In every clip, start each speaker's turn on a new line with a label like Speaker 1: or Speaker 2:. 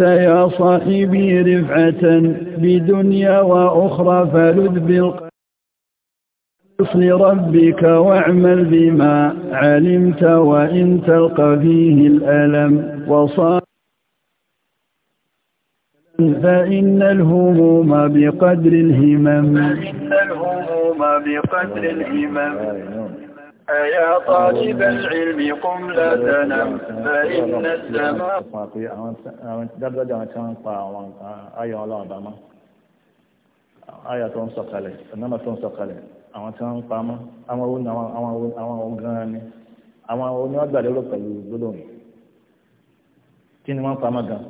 Speaker 1: يا صاحبي رفعة بدنيا وأخرى فلذ بالقصر ربك واعمل بما علمت وإن تلقى فيه الألم وصار فإن الهموم بقدر الهمم فإن الهموم بقدر الهمم أيا طالب العلم قم لا تنم فإن السماء dájúdájú àwọn tí wọ́n ń pa àwọn ayọ̀ ọlọ́ọ̀bá tó ń sọ̀kalẹ̀ ọ̀nàmọ̀ àwọn tí wọ́n ń pa mọ́ àwọn ohun àwọn ohun gan ni àwọn ohun ni wọ́n gbà lérò pẹ̀lú kí ni wọ́n pa mọ́ gan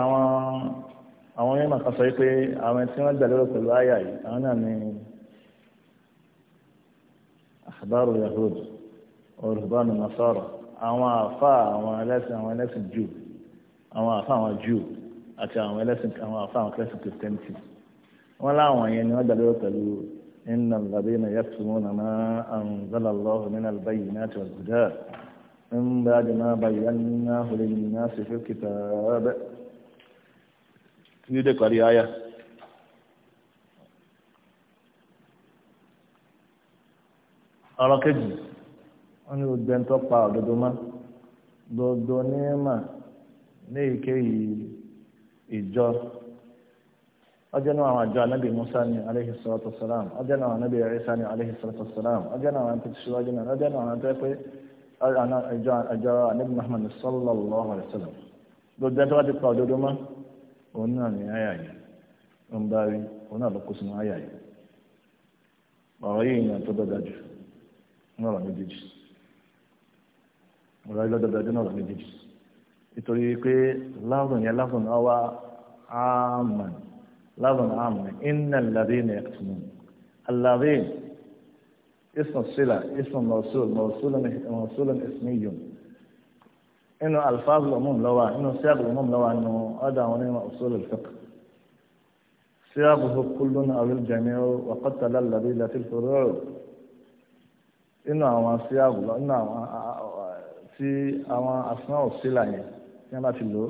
Speaker 1: àwọn àwọn onímọ̀ kan sọ pé àwọn tí wọ́n gbàlérò pẹ̀lú àyà yìí àwọn náà ní àbárò yahud olùbánu nasara àwọn àfa àwọn ẹlẹ́sìn àwọn ẹlẹ́sìn jù àwọn àfa àwọn jù àti àwọn ẹlẹ́sìn àwọn àfa àwọn ẹlẹ́sìn kìrìtẹ́ntì wọ́n láwọn yẹn ni wọ́n gbàlérò awon elesin awon afa awon kesin kiritenti won إن الذين يكتمون ما أنزل الله من البينات والهدى من بعد ما بيناه للناس في الكتاب tí ó dé parí àyà. ọ̀rọ̀ kejì wọ́n ní gbogbo ẹni tó pa òdodo mọ́ gbogbo onímọ̀ ní èyíkéyìí ìjọ ọjọ́ náà àwọn àjọ anábì musa ní aleyhi sọ́tọ̀ sàlám ọjọ́ náà àwọn anábì ẹ̀rísà ní aleyhi sọ́tọ̀ sàlám ọjọ́ náà àwọn àti ṣíwájú náà ọjọ́ náà àwọn àti pé àjọ anábì muhammad sallallahu alayhi wa sallam gbogbo ẹni tó ti pa òdodo mọ́ òun náà ní àyà yìí ń bá rí òun náà ló kó sínú àyà yìí ọ̀rọ̀ yìí ni àtọ́ dọ́gba jù ní ọ̀rọ̀ méjèèjì ọ̀rọ̀ yìí lọ́dọ̀dọ̀ jù ní ọ̀rọ̀ méjèèjì nítorí pé láwùn yẹn láwùn àwa àmàn láwùn àmàn iná làbí ni ẹ̀kùnmọ̀ àlàbí ismu sila ismu mọ̀sùlùmí ismu mọ̀sùlùmí ismu inú alfaazu umum ló wà inú siyaaq umum ló wà inú ọdọ àwọn onímọ̀ usul al-fiqh siyaaqhu kullun aw al-jami'u wa qad talalladi lati al-furu' inú àwọn siyaaq lọ inú àwọn tí àwọn asmaa òsìlà yẹn tí wọn bá ti lò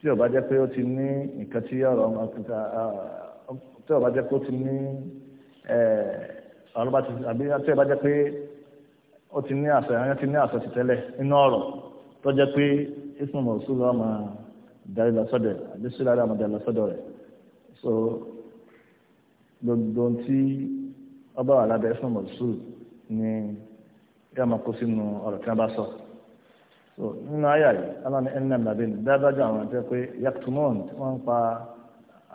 Speaker 1: tí ó bá jẹ́ pé ó ti ní nǹkan tí ọ̀rọ̀ ọmọ kíkà tí ó bá jẹ́ ti ní ọ̀rọ̀ bá ti àbí tí ó bá jẹ́ pé ó ti ní àṣẹ àyàn ti ní àṣẹ ti tẹ́lẹ̀ nínú ọ̀rọ̀ tọ́jà pé ismu mọ̀sùn lọ́wọ́ máa darí lọ sọ́dọ̀ rẹ̀ àbí sílẹ̀ àdàmọ̀ darí lọ sọ́dọ̀ rẹ̀ so gbogbo tí ọba wà lábẹ́ ismu mọ̀sùn ni yá máa kó sínú ọ̀rọ̀ tí wọ́n bá sọ so nínú àyà yìí alámi ẹnna nàbí ni dábàjọ àwọn àti pé yàtúmọ̀n tí wọ́n ń pa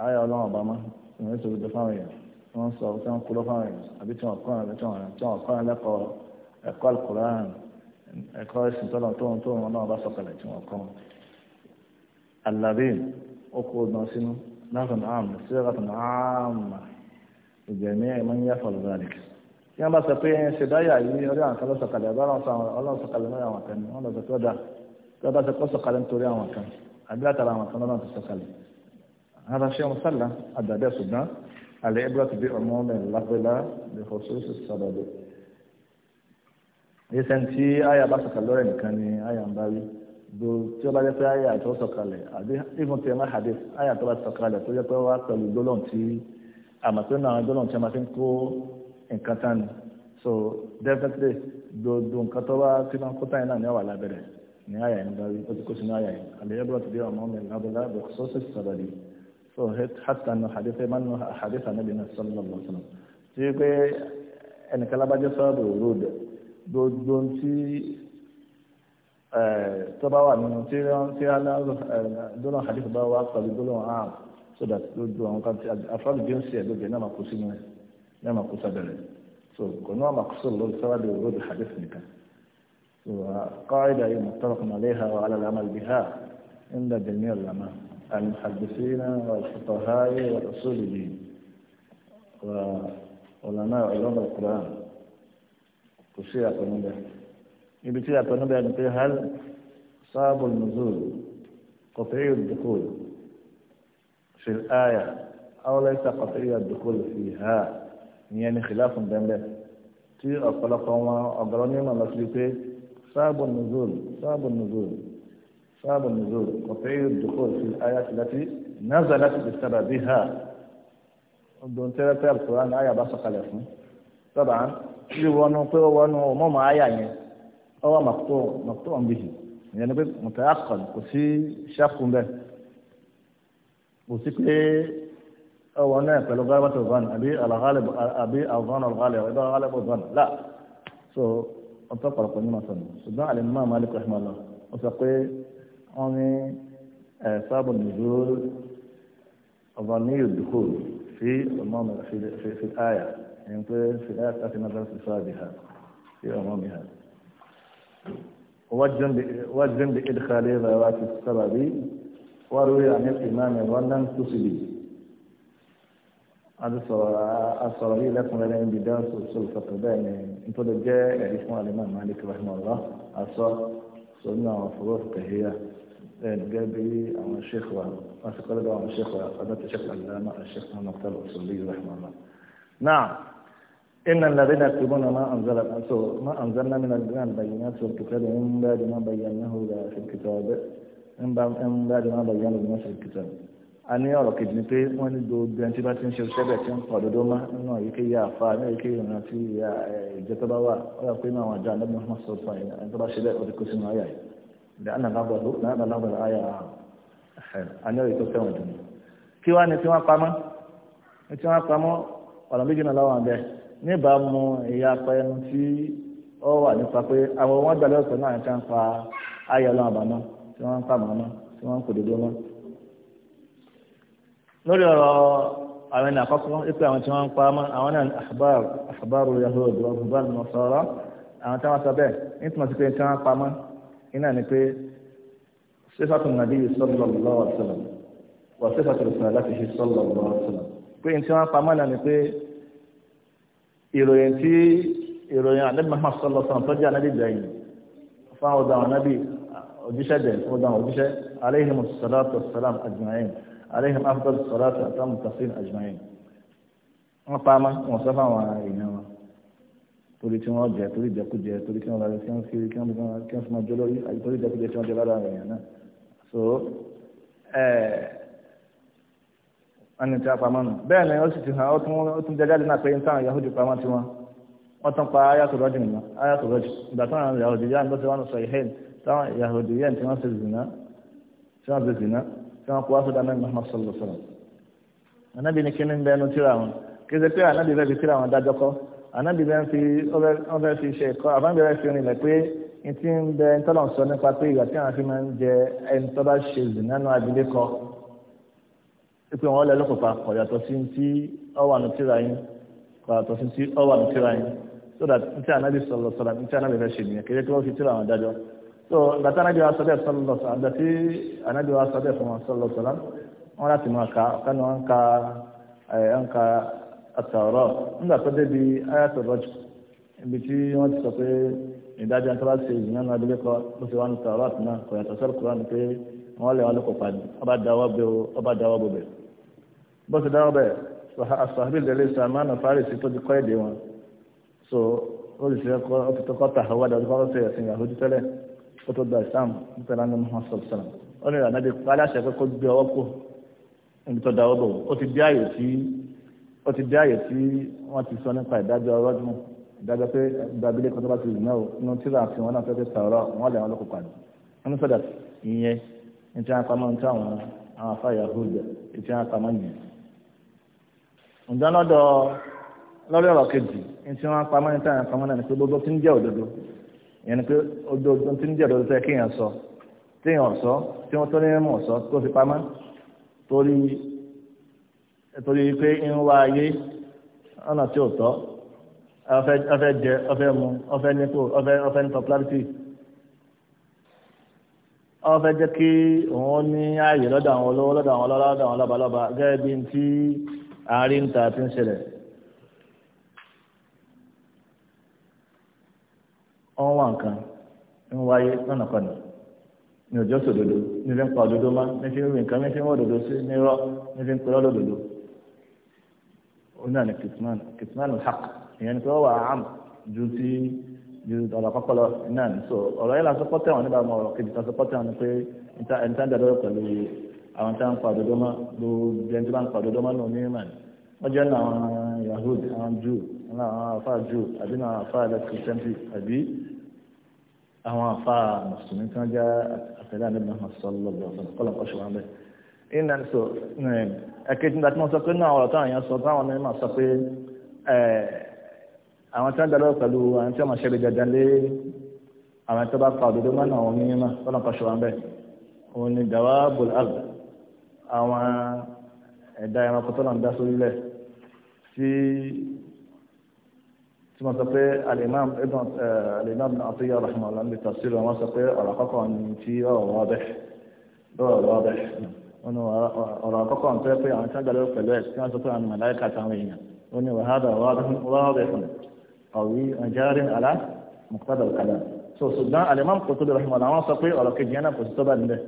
Speaker 1: àyà ọlọ́run ọba mọ́ ìwọ̀n ètò ìdó fáwọn èèyàn wọ́n sọ tí wọ́n kú lọ fáwọn èèyàn àbí tí wọ́n kọ́ ẹ̀kọ́ àlùkùránì ẹ̀kọ́ ẹ̀sìn tọ́lọ̀ tó ń tó ń náà bá sọ̀kalẹ̀ tí wọ́n kọ́ alabeen ọkọ̀ ọdún sínú náfẹ̀ẹ́ náà àmì sílẹ̀kàtà náà àmà ìgbẹ̀mí ẹ̀ máa ń yá fọlọ́dàlẹ̀ tí wọ́n bá sọ pé ẹ̀ ń ṣe dáyà yìí ọdún àwọn kan ló sọ̀kalẹ̀ ọba ọlọ́run sọ̀kalẹ̀ náà àwọn kan wọ́n lọ sọ pé ọ̀dà tí bá sọ pé sọ̀kalẹ̀ nítorí àwọn kan àbí látara àwọn kan lọ́nà tó sọ̀kalẹ̀ هذا شيء مسلم الدابع سودان العبرة بعموم اللفظ لا بخصوص السبب ẹsẹ̀n aya àyà bá sọ̀kalẹ̀ lọ́rẹ̀ nìkan ni àyà ń bá rí do tí ó bá jẹ́ pé àyà tó sọ̀kalẹ̀ àbí even tí ẹ má hadith àyà tó bá sọ̀kalẹ̀ tó jẹ́ pé wá pẹ̀lú gbólóhùn tí àmọ́ pé náà gbólóhùn tí a máa fi kó nǹkan tán ni so definitely gbogbo nǹkan tó bá tí máa ń kó tán yìí náà ní àwà lábẹ́rẹ̀ ní àyà yìí ń bá rí ó ti kó sínú àyà yìí àlẹ́ yẹ́bùrọ̀ ti dé ọmọ mi lábẹ́lá bẹ̀ sọ́sẹ̀ sọ̀rọ̀ so hatta nu hadith man nu hadith anabi na sallallahu alaihi wasallam ti pé ẹnìkan lábàjẹ́ sọ́ọ̀bù gbogbo tí tọ́ba wà nínú tí àdìgbò dọ́là hadith bá wà pẹ̀lú dọ́là ààrùn so that gbogbo àwọn kan tí afọ́lù bí ó ń ṣe ẹ̀dọ́gbẹ̀ náà máa kó sínú ẹ̀ náà máa kó sábẹ̀rẹ̀ so kò náà máa kó sọ̀rọ̀ lórí sábà bí olóògbé hadith nìkan so qaida yìí muttafaq alayha wa ala al-amal biha inda jami'a al-ulama al-muhaddithina wal-fuqaha wal-usuliyin wa ulama ulama al-Qur'an kò sí àtọ̀nú níbẹ̀ ibi tí àtọ̀nú nibe ni pé hal sáàbù nùzúl kọfẹ́yì dùkúl fi àyà àwọlẹ̀ ìta kọfẹ́yì dùkúl fi hà ìyẹn ni xìláfù bẹ́ẹ̀ tí ọ̀pọ̀lọpọ̀ wọn ọ̀gọ̀rọ̀ ní ìmọ̀ lọ́sí pé sáàbù nùzúl sáàbù nùzúl sáàbù nùzúl kọfẹ́yì dùkúl fi àyà tìlátì nazalat bi sababiha. Don tẹ́lẹ̀ tẹ́lẹ̀ Kùránì àyà bá sọ̀kalẹ̀ fún. tí wọnú pé ó wọnú ọmọ màá yà yẹn ó wà màkútó màkútó ọ̀nbìyì ìyẹn ni pé mùtàkàn kò sí ṣàkùn bẹ́ẹ̀ kò sí pé ó wọnú ẹ̀ pẹ̀lú gálábàtà ọ̀gbọ́n àbí àlàkálẹ̀ àbí àwọn ọ̀gálẹ̀ ọ̀dọ́ àlàkálẹ̀ ọ̀gbọ́n là so wọ́n tọ́ pọ̀lọpọ̀ ní màsán ṣùgbọ́n àlẹ́ mọ́ àmàlẹ́ kọ́ ẹ̀ṣin lọ ó sọ pé wọ́n ní ẹ̀ sábà nìjú ọ̀gbọ́n ní ìdókòwò sí ọmọ mi fi fi fi áyà. ينطير في الآية التي نزلت بسبب في عمومها وجن بإدخال ذوات السبب وروي عن الإمام ظنا كسبي هذا الصراوي لكم لنا انبداء سلطة بين انتو لجاء اسمه الإمام مالك رحمه الله أصاب سنة وفروض كهية الجابي أو الشيخ وما تقول عن الشيخ وقدمت الشيخ العلامة الشيخ محمد الأصولي رحمه الله نعم إن الذين يكتبون ما أنزل ما أنزلنا من البينات والكتاب من بعد ما بيناه في الكتاب من بعد ما بيناه للناس في الكتاب a ní ọ̀rọ̀ kejì ni pé wọ́n ní gbogbo ẹni tí bá ti ń ṣe sẹ́bẹ̀ tí ń pọ̀ dodo má nínú àyíké yá àfa ní àyíké ìrìnà tí ìjẹ́ tó bá wà ó yà pé àwọn àjọ àdébùn máa sọ fún àyìn ẹni tó bá ṣe bẹ́ẹ̀ ó ti kó sínú àyà yìí ìdá àná lábọ̀lú náà lábọ̀lú àyà a ní ọ̀rọ̀ tó tẹ̀wọ̀n dùn. kí wàá ní tí wọ́n pamọ́ ní tí wọ́n pamọ́ ọ̀nà méjì náà láwọn abẹ́ níbàámu ìyapa ẹnu tí ó wà nípa pé àwọn wọn gbàlẹ́ ọ̀sán náà nǹkan pa ayé ọlọ́run àbámọ́ tí wọ́n ń pa màmá tí wọ́n ń kò dédé mọ́. lórí ọ̀rọ̀ àwọn ènìyàn àkọ́kọ́ wípé àwọn tí wọ́n ń pa mọ́ àwọn náà ahbar ahbaru yahudi wa ahbar nasara àwọn táwọn sọ bẹ́ẹ̀ nítorí pé tí wọ́n pa mọ́ iná ni pé sífàtún nàbí sallallahu alaihi wasallam wà sífàtún risalatihi sallallahu alaihi wasallam pé tí wọ́n pa mọ́ náà ni pé ìròyìn tí ìròyìn ànábì Muhammad sallallahu alaihi wasallam tó jẹ́ ànábì gbẹ̀yìn fún àwọn ọ̀dàn ànábì òjíṣẹ́ dẹ̀ fún ọ̀dàn òjíṣẹ́ alayhim salatu wassalam ajma'in alayhim afdal salatu àtàwọn taslim ajma'in wọ́n pa ama wọ́n sọ fáwọn èèyàn wọn torí tí wọ́n jẹ torí jẹkújẹ torí kí wọ́n lọ kí kí wọ́n fi máa jọ lórí torí jẹkújẹ tí wọ́n jẹ lára èèyàn náà so ẹ̀ẹ́. Eh, ẹni tí a pamọ́ nù bẹ́ẹ̀ ni ó sì ti hàn ó tún jẹ́ jáde náà pé ń táwọn Yahudi pamọ́ tí wọ́n wọ́n tán pa ayatul rajm nìyẹn ayatul rajm ìgbà tí wọ́n Yahudi yá ń lọ́sẹ̀ wọn sọ ìhẹ́n táwọn Yahudi yẹn tí wọ́n ṣe zìnà tí wọ́n ṣe zìnà tí wọ́n kó wá sódà mẹ́rin Muhammad sallallahu alaihi wasallam anabi ni kíni bẹ́ẹ̀ nu tíra wọn kéde pé anabi bẹ́ẹ̀ fi tíra wọn dájọ́ kọ́ anabi bẹ́ẹ̀ fi wọ́n bẹ́ẹ̀ fi ṣe ẹ̀kọ́ pé wọn lẹ lọkọpa kò yàtọ̀ sí ti ọwà nù tíra yín kò yàtọ̀ sí ti ọwà nù tíra yín so that n tí anabi sọlọ sọlọ n tí anabi fẹ́ ṣe nìyẹn kéde kí wọn fi tíra wọn dájọ so gbàtà anabi wa sọdẹ sọlọ sọlọ àgbà tí anabi wa sọdẹ fún wọn sọlọ sọlọ wọn láti máa ka kánú wọn ka ẹ ẹ ń ka àtàwọrọ nígbà tó débi ayatò rọjò ibi tí wọn ti sọ pé ìdájọ́ nípa ṣe ìdùnnú náà dúró kọ ló fi wọn ní tàwọrọ àtúná kò yàtọ̀ sọlọ kúrọ ni pé wọn lè wọn lọkọpa ni ọba dáwọ bẹ ọba dáwọ bọ bẹ́ẹ̀ bó ti dáwọ́ bẹ́ẹ̀ asahabi lẹ́lẹ́ sàmánà fárisì tó ti kọ́ èdè wọn so ó lè ṣe ọkọ ó ti tọkọ tà wá dàbí kọ́ ṣe ẹ̀sìn ìyàwó tẹ́lẹ̀ ó tó gba ìsàm nítorí àwọn ọmọ sọ̀rọ̀ sọ̀rọ̀ ó ní ìrànlẹ́bí aláṣẹ pé kó gbé ọwọ́ kù níbi tó dáwọ́ bò ó ti dé àyè tí ó ti dé àyè tí wọ́n ti sọ nípa ìdájọ́ ọlọ́dún ìdájọ́ pé ìdábílẹ̀ kan bá ti rìn náà inú tíra àti wọn náà fẹ́ fẹ́ wọn lè wọn lọ́kọ̀ pàdé wọn ní sọ́dà ìyẹn ní tí ní tí àwọn àwọn afáyà hùwẹ̀ ní tí wọ́n pa ǹjọ́ lọ́dọ̀ lórí ọ̀rọ̀ kejì ní tí wọ́n pamọ́ ní táwọn pamọ́ náà ni pé gbogbo tí ń jẹ́ òdodo ìyẹn ni pé òdodo tí ń jẹ́ òdodo tẹ́ kéèyàn sọ téèyàn sọ tí wọ́n tó ní mọ̀ sọ tó fi pamọ́ torí torí pé ń wá ayé ọ̀nà tí ò tọ́ ọ̀fẹ́ jẹ ọ̀fẹ́ mu ọ̀fẹ́ nípò ọ̀fẹ́ ọ̀fẹ́ ní popularity ọ̀fẹ́ jẹ́ kí òun ní ààyè lọ́dọ̀ àwọn olówó lọ́dọ̀ àwọn ọlọ́lá àárín ta ti ń ṣẹlẹ̀. wọ́n wá nǹkan ń wáyé lọ́nàkọ́nà ní òjò sòdodo ní fi ń pa òdodo má ní fi ń rìn nǹkan ní fi ń wọ́ òdodo sí ní rọ́ ní fi ń pe lọ́dọ̀ òdodo. ó náà ní kìtìmánù kìtìmánù hàk ìyẹn ni pé wọ́n wà á ju ti ju ọ̀rọ̀ kọ́kọ́ lọ náà ní so ọ̀rọ̀ yẹn lásán pọ́tẹ́wọ̀n nígbà mọ́ ọ̀rọ̀ kejì lásán pọ́tẹ́wọ̀n ni pé ẹni tá ń dàdọ́ pẹ̀lú àwọn tá à ń pa òdodo mọ́ gbogbo ẹni tó bá ń pa òdodo mọ́ náà ní ìmọ̀ ni wọ́n jẹ́ náà àwọn yahood àwọn jew àwọn afa jew àbí náà àwọn afa christianity àbí àwọn afa mùsùlùmí tí wọ́n jẹ́ àtẹ̀lẹ́ àdébìnrin náà sọ́lọ́ lọ́sọ̀rọ̀ kọ́lọ̀ kọ́ ṣùgbọ́n bẹ́ẹ̀. ìnà sọ ẹ̀kejì nígbà tí wọ́n sọ pé náà ọ̀rọ̀ táwọn èèyàn sọ táwọn ní máa sọ pé àwọn tí wọ́n dá pẹ̀lú àwọn tí wọ́n máa ṣẹlẹ̀ dandan lé àwọn tí wọ́n bá pa òdodo mọ́ náà wọn ní mímọ́ kọ́lọ̀ kọ́ ṣùgbọ́n bẹ́ẹ̀ òun ni dàwa bùl àwọn ẹ̀dá ẹranko tó náà ń dá sórílẹ̀ tí tí wọ́n sọ pé alimam ibn eh, alimam atiya rahmanulah ń bi tafsir wọn sọ pé ọ̀rọ̀ àkọ́kọ́ ni ti ọ̀rọ̀ ọbẹ̀ lọ́rọ̀ ọbẹ̀ ọ̀rọ̀ àkọ́kọ́ ń tẹ́ pé àwọn tí wọ́n gbàlẹ́ pẹ̀lú ẹ̀ tí wọ́n sọ pé àwọn màláìka táwọn èèyàn ó ní wàhálà ọ̀rọ̀ ọbẹ̀ fún ọ̀wí ọ̀járin alá mọ̀kútàdà kàdà so ṣùgbọ́n alimam kòtò rahmanulah wọn sọ pé ọ̀rọ̀ kejì yẹn náà kò sí bá nílẹ̀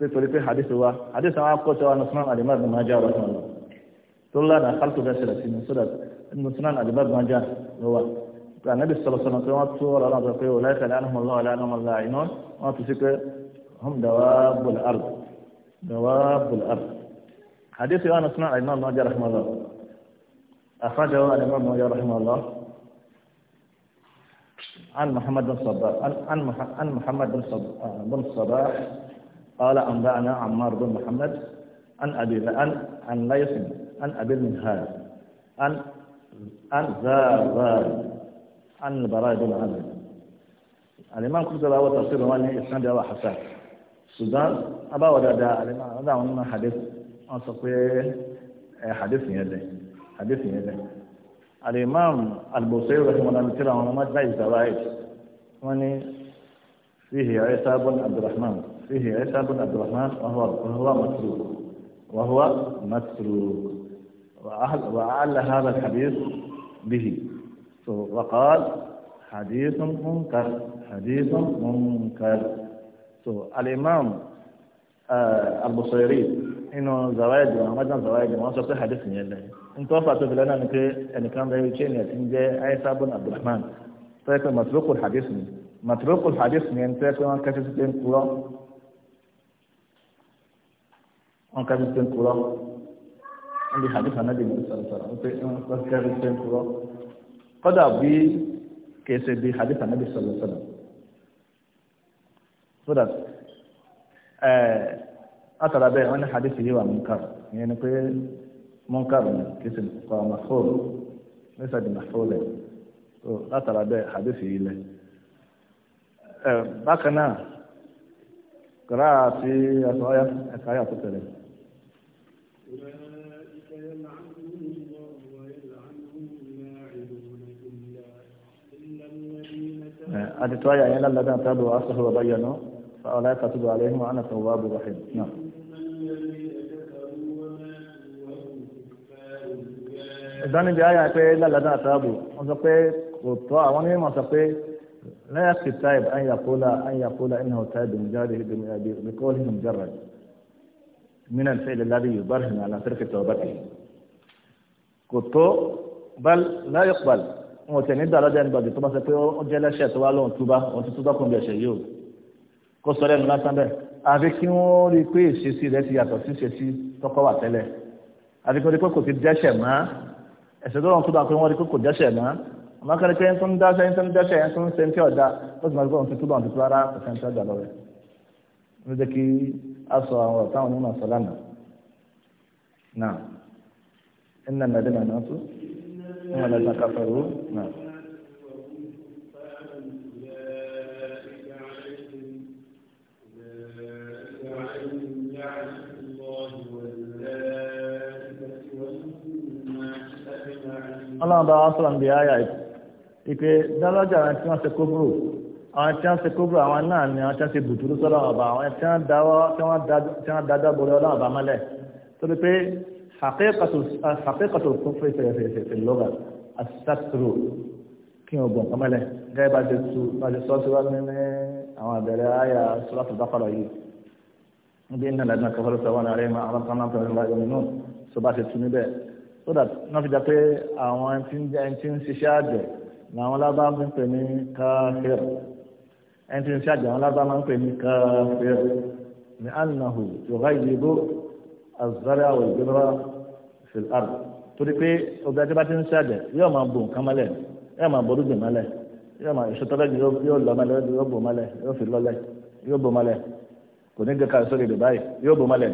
Speaker 1: nítorí pé hadith wa hadith àwọn akọ́ṣẹ́ wa nasunan alimad ni maja ọ̀rọ̀ kan lọ tó lánàá kálukú bẹ́ẹ̀ ṣẹlẹ̀ sí ni sódà nasunan alimad maja ló wà pé anabi sọ̀rọ̀ sọ̀rọ̀ pé wọ́n tó ọ̀rọ̀ náà sọ pé wọ́n láìka lẹ́nu mọ́ lọ́wọ́ lẹ́nu mọ́ lọ́wọ́ iná wọ́n tún sí pé hum dawabul ard dawabul ard hadith wa nasunan alimad maja rahmalah akhrajahu alimad maja rahmalah عن محمد بن صباح عن محمد بن صباح قال أنبأنا عمار بن محمد عن أبي عن عن ليث عن أبي المنهاج عن عن زار عن البراء بن عازب الإمام كتب له تفسير وأن إسناد أبا حسان السودان أبا ودادا الإمام هذا هو حديث أنصفه إيه، حديث يده حديث يده الإمام البوصيري رحمه الله تعالى ومات لا يزال وأن فيه عيسى بن عبد الرحمن فيه عيسى بن عبد الرحمن وهو وهو متروك وهو متروك وأعل هذا الحديث به وقال حديث منكر حديث منكر الإمام آه، البصيري إنه زوايد وعمدنا زوايد ما شفت حديث من الله إن في لنا أنك أن كان ذي شيء يتم جاء عيسى بن عبد الرحمن طيب متروك الحديث من متروك الحديث من تلك ما wọn kà bí ṣe ń kúrọ wọn bí hadith anabi ní sọ̀rọ̀sọ̀rọ̀ wọn pé wọn kà bí ṣe ń kúrọ kódà bí kèsè bí hadith anabi sọ̀rọ̀sọ̀rọ̀ so that ẹ atara bẹ́ẹ̀ wọn ní hadith yìí wà munkar ìyẹn ni pé munkar ni kèsè kọ mahfuz nísà di mahfuz lẹ so látara bẹ́ẹ̀ hadith yìí lẹ ẹ bákan náà kọ́ra àti ẹ̀ka ayà tó tẹ̀lé. الله ويلعنهم هذه توايا الا الذين تابوا آه، أصله وبينوا فاولئك تتب عليهم وأنا تواب رحيم نعم إذن بآية أقول إلا لذا تابوا وزقوا الطاعة ونهما سقوا لا يكفي التائب أن يقول أن يقول إنه تائب مجاره بقوله مجرد من الفعل الذي يبرهن على ترك توبته كتو بل لا يقبل wọn tẹ̀ ní dàlọ́jà nígbà tó bá sọ pé ó jẹ́ lẹ́sẹ̀ tó wá lóhun túbá òun ti túbá kún bí ẹ̀ṣẹ̀ yìí o kó sọ lẹ́nu lásán bẹ́ẹ̀ àfi kí wọ́n rí i pé ìṣesí rẹ ti yàtọ̀ sí ìṣesí tọkọ wà tẹ́lẹ̀ àfi kí wọ́n rí i pé kò ti dẹ́ṣẹ̀ mọ́ ẹ̀ṣẹ̀ tó lọ́n túbá pé wọ́n rí i pé kò dẹ́ṣẹ̀ mọ́ àmọ́ kẹ́rẹ́kẹ́ ń tún dáṣẹ́ ń tún dáṣẹ́ ń tún ṣe ń tí ọ̀dà ó sì máa rí i pé òun ló jẹ́ kí a sọ àwọn ọ̀tá àwọn onímọ̀ sọ́lánà náà ẹ̀nà nàdínà náà tó wọ́n wà lẹ́sàn káfẹ́rú náà. ọlọ́run bá wá sọ̀rọ̀ níbi ayà ìpè dálájà rẹ̀ tí wọ́n ṣe kóbúrò àwọn tí wọ́n ṣe kóbùrù àwọn náà ni àwọn tí wọ́n ṣe bùtúrú sọ́dọ̀ ọba àwọn tí wọ́n dáwọ́ tí wọ́n dájọ́ borí ọlọ́run ọba mọ́lẹ̀ torí pé àkẹ́kọ̀tò tó fẹ́ fẹ́fẹ́fẹ́ lọ́gà àṣàtúrò kí wọ́n gbọ̀n kọ́mọ́lẹ̀ gẹ́gẹ́ bá ti sọ́ síwájú ní àwọn àbẹ̀rẹ̀ àyà sọ́láṣù bákọ̀rọ̀ yìí níbi iná lẹ́dínà kẹfọ́rọ́ sọ wọn àrẹ máa àwọn kan náà tẹ̀lé láyé nínú tó bá ṣe tu níbẹ̀ so that náà fi jẹ́ pé àwọn ẹni tí ń ṣiṣẹ́ àjẹ̀ ẹni tí ń ṣe àjàwọn lábá máa ń pè ní kafir ní annahu yughayyibu az-zar'a wal jidra fil ard torí pé obìnrin tí bá ti ń ṣe àjẹ yóò máa bò nǹkan mọ́lẹ̀ yóò máa borúgbìn mọ́lẹ̀ yóò máa èso tọ́lẹ̀ yóò lọ mọ́lẹ̀ yóò bò mọ́lẹ̀ yóò fi lọ́lẹ̀ yóò bò mọ́lẹ̀ kò ní gẹ́ka sórí rẹ̀ báyìí yóò bò mọ́lẹ̀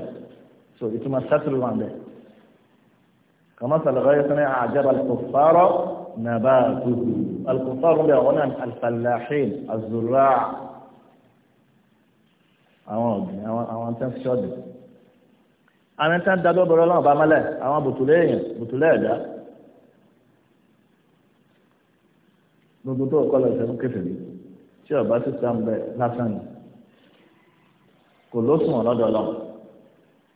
Speaker 1: alkùnfàrù bẹ àwọn náà alfàlàhìn azùrà àwọn ọ̀gbìn àwọn tẹ́ ń ṣọ́ọ̀dì àwọn tẹ́ ń dájọ́ bọ̀rọ̀ lọ́wọ́ bá mẹ́lẹ̀ àwọn bùtùlẹ̀ èèyàn bùtùlẹ̀ ẹ̀dá gbogbo tó kọ́ lọ sẹ́nu kéfèrè tí ọba ti sá ń bẹ lásán ni kò lóṣùn ọ̀lọ́dọ̀ lọ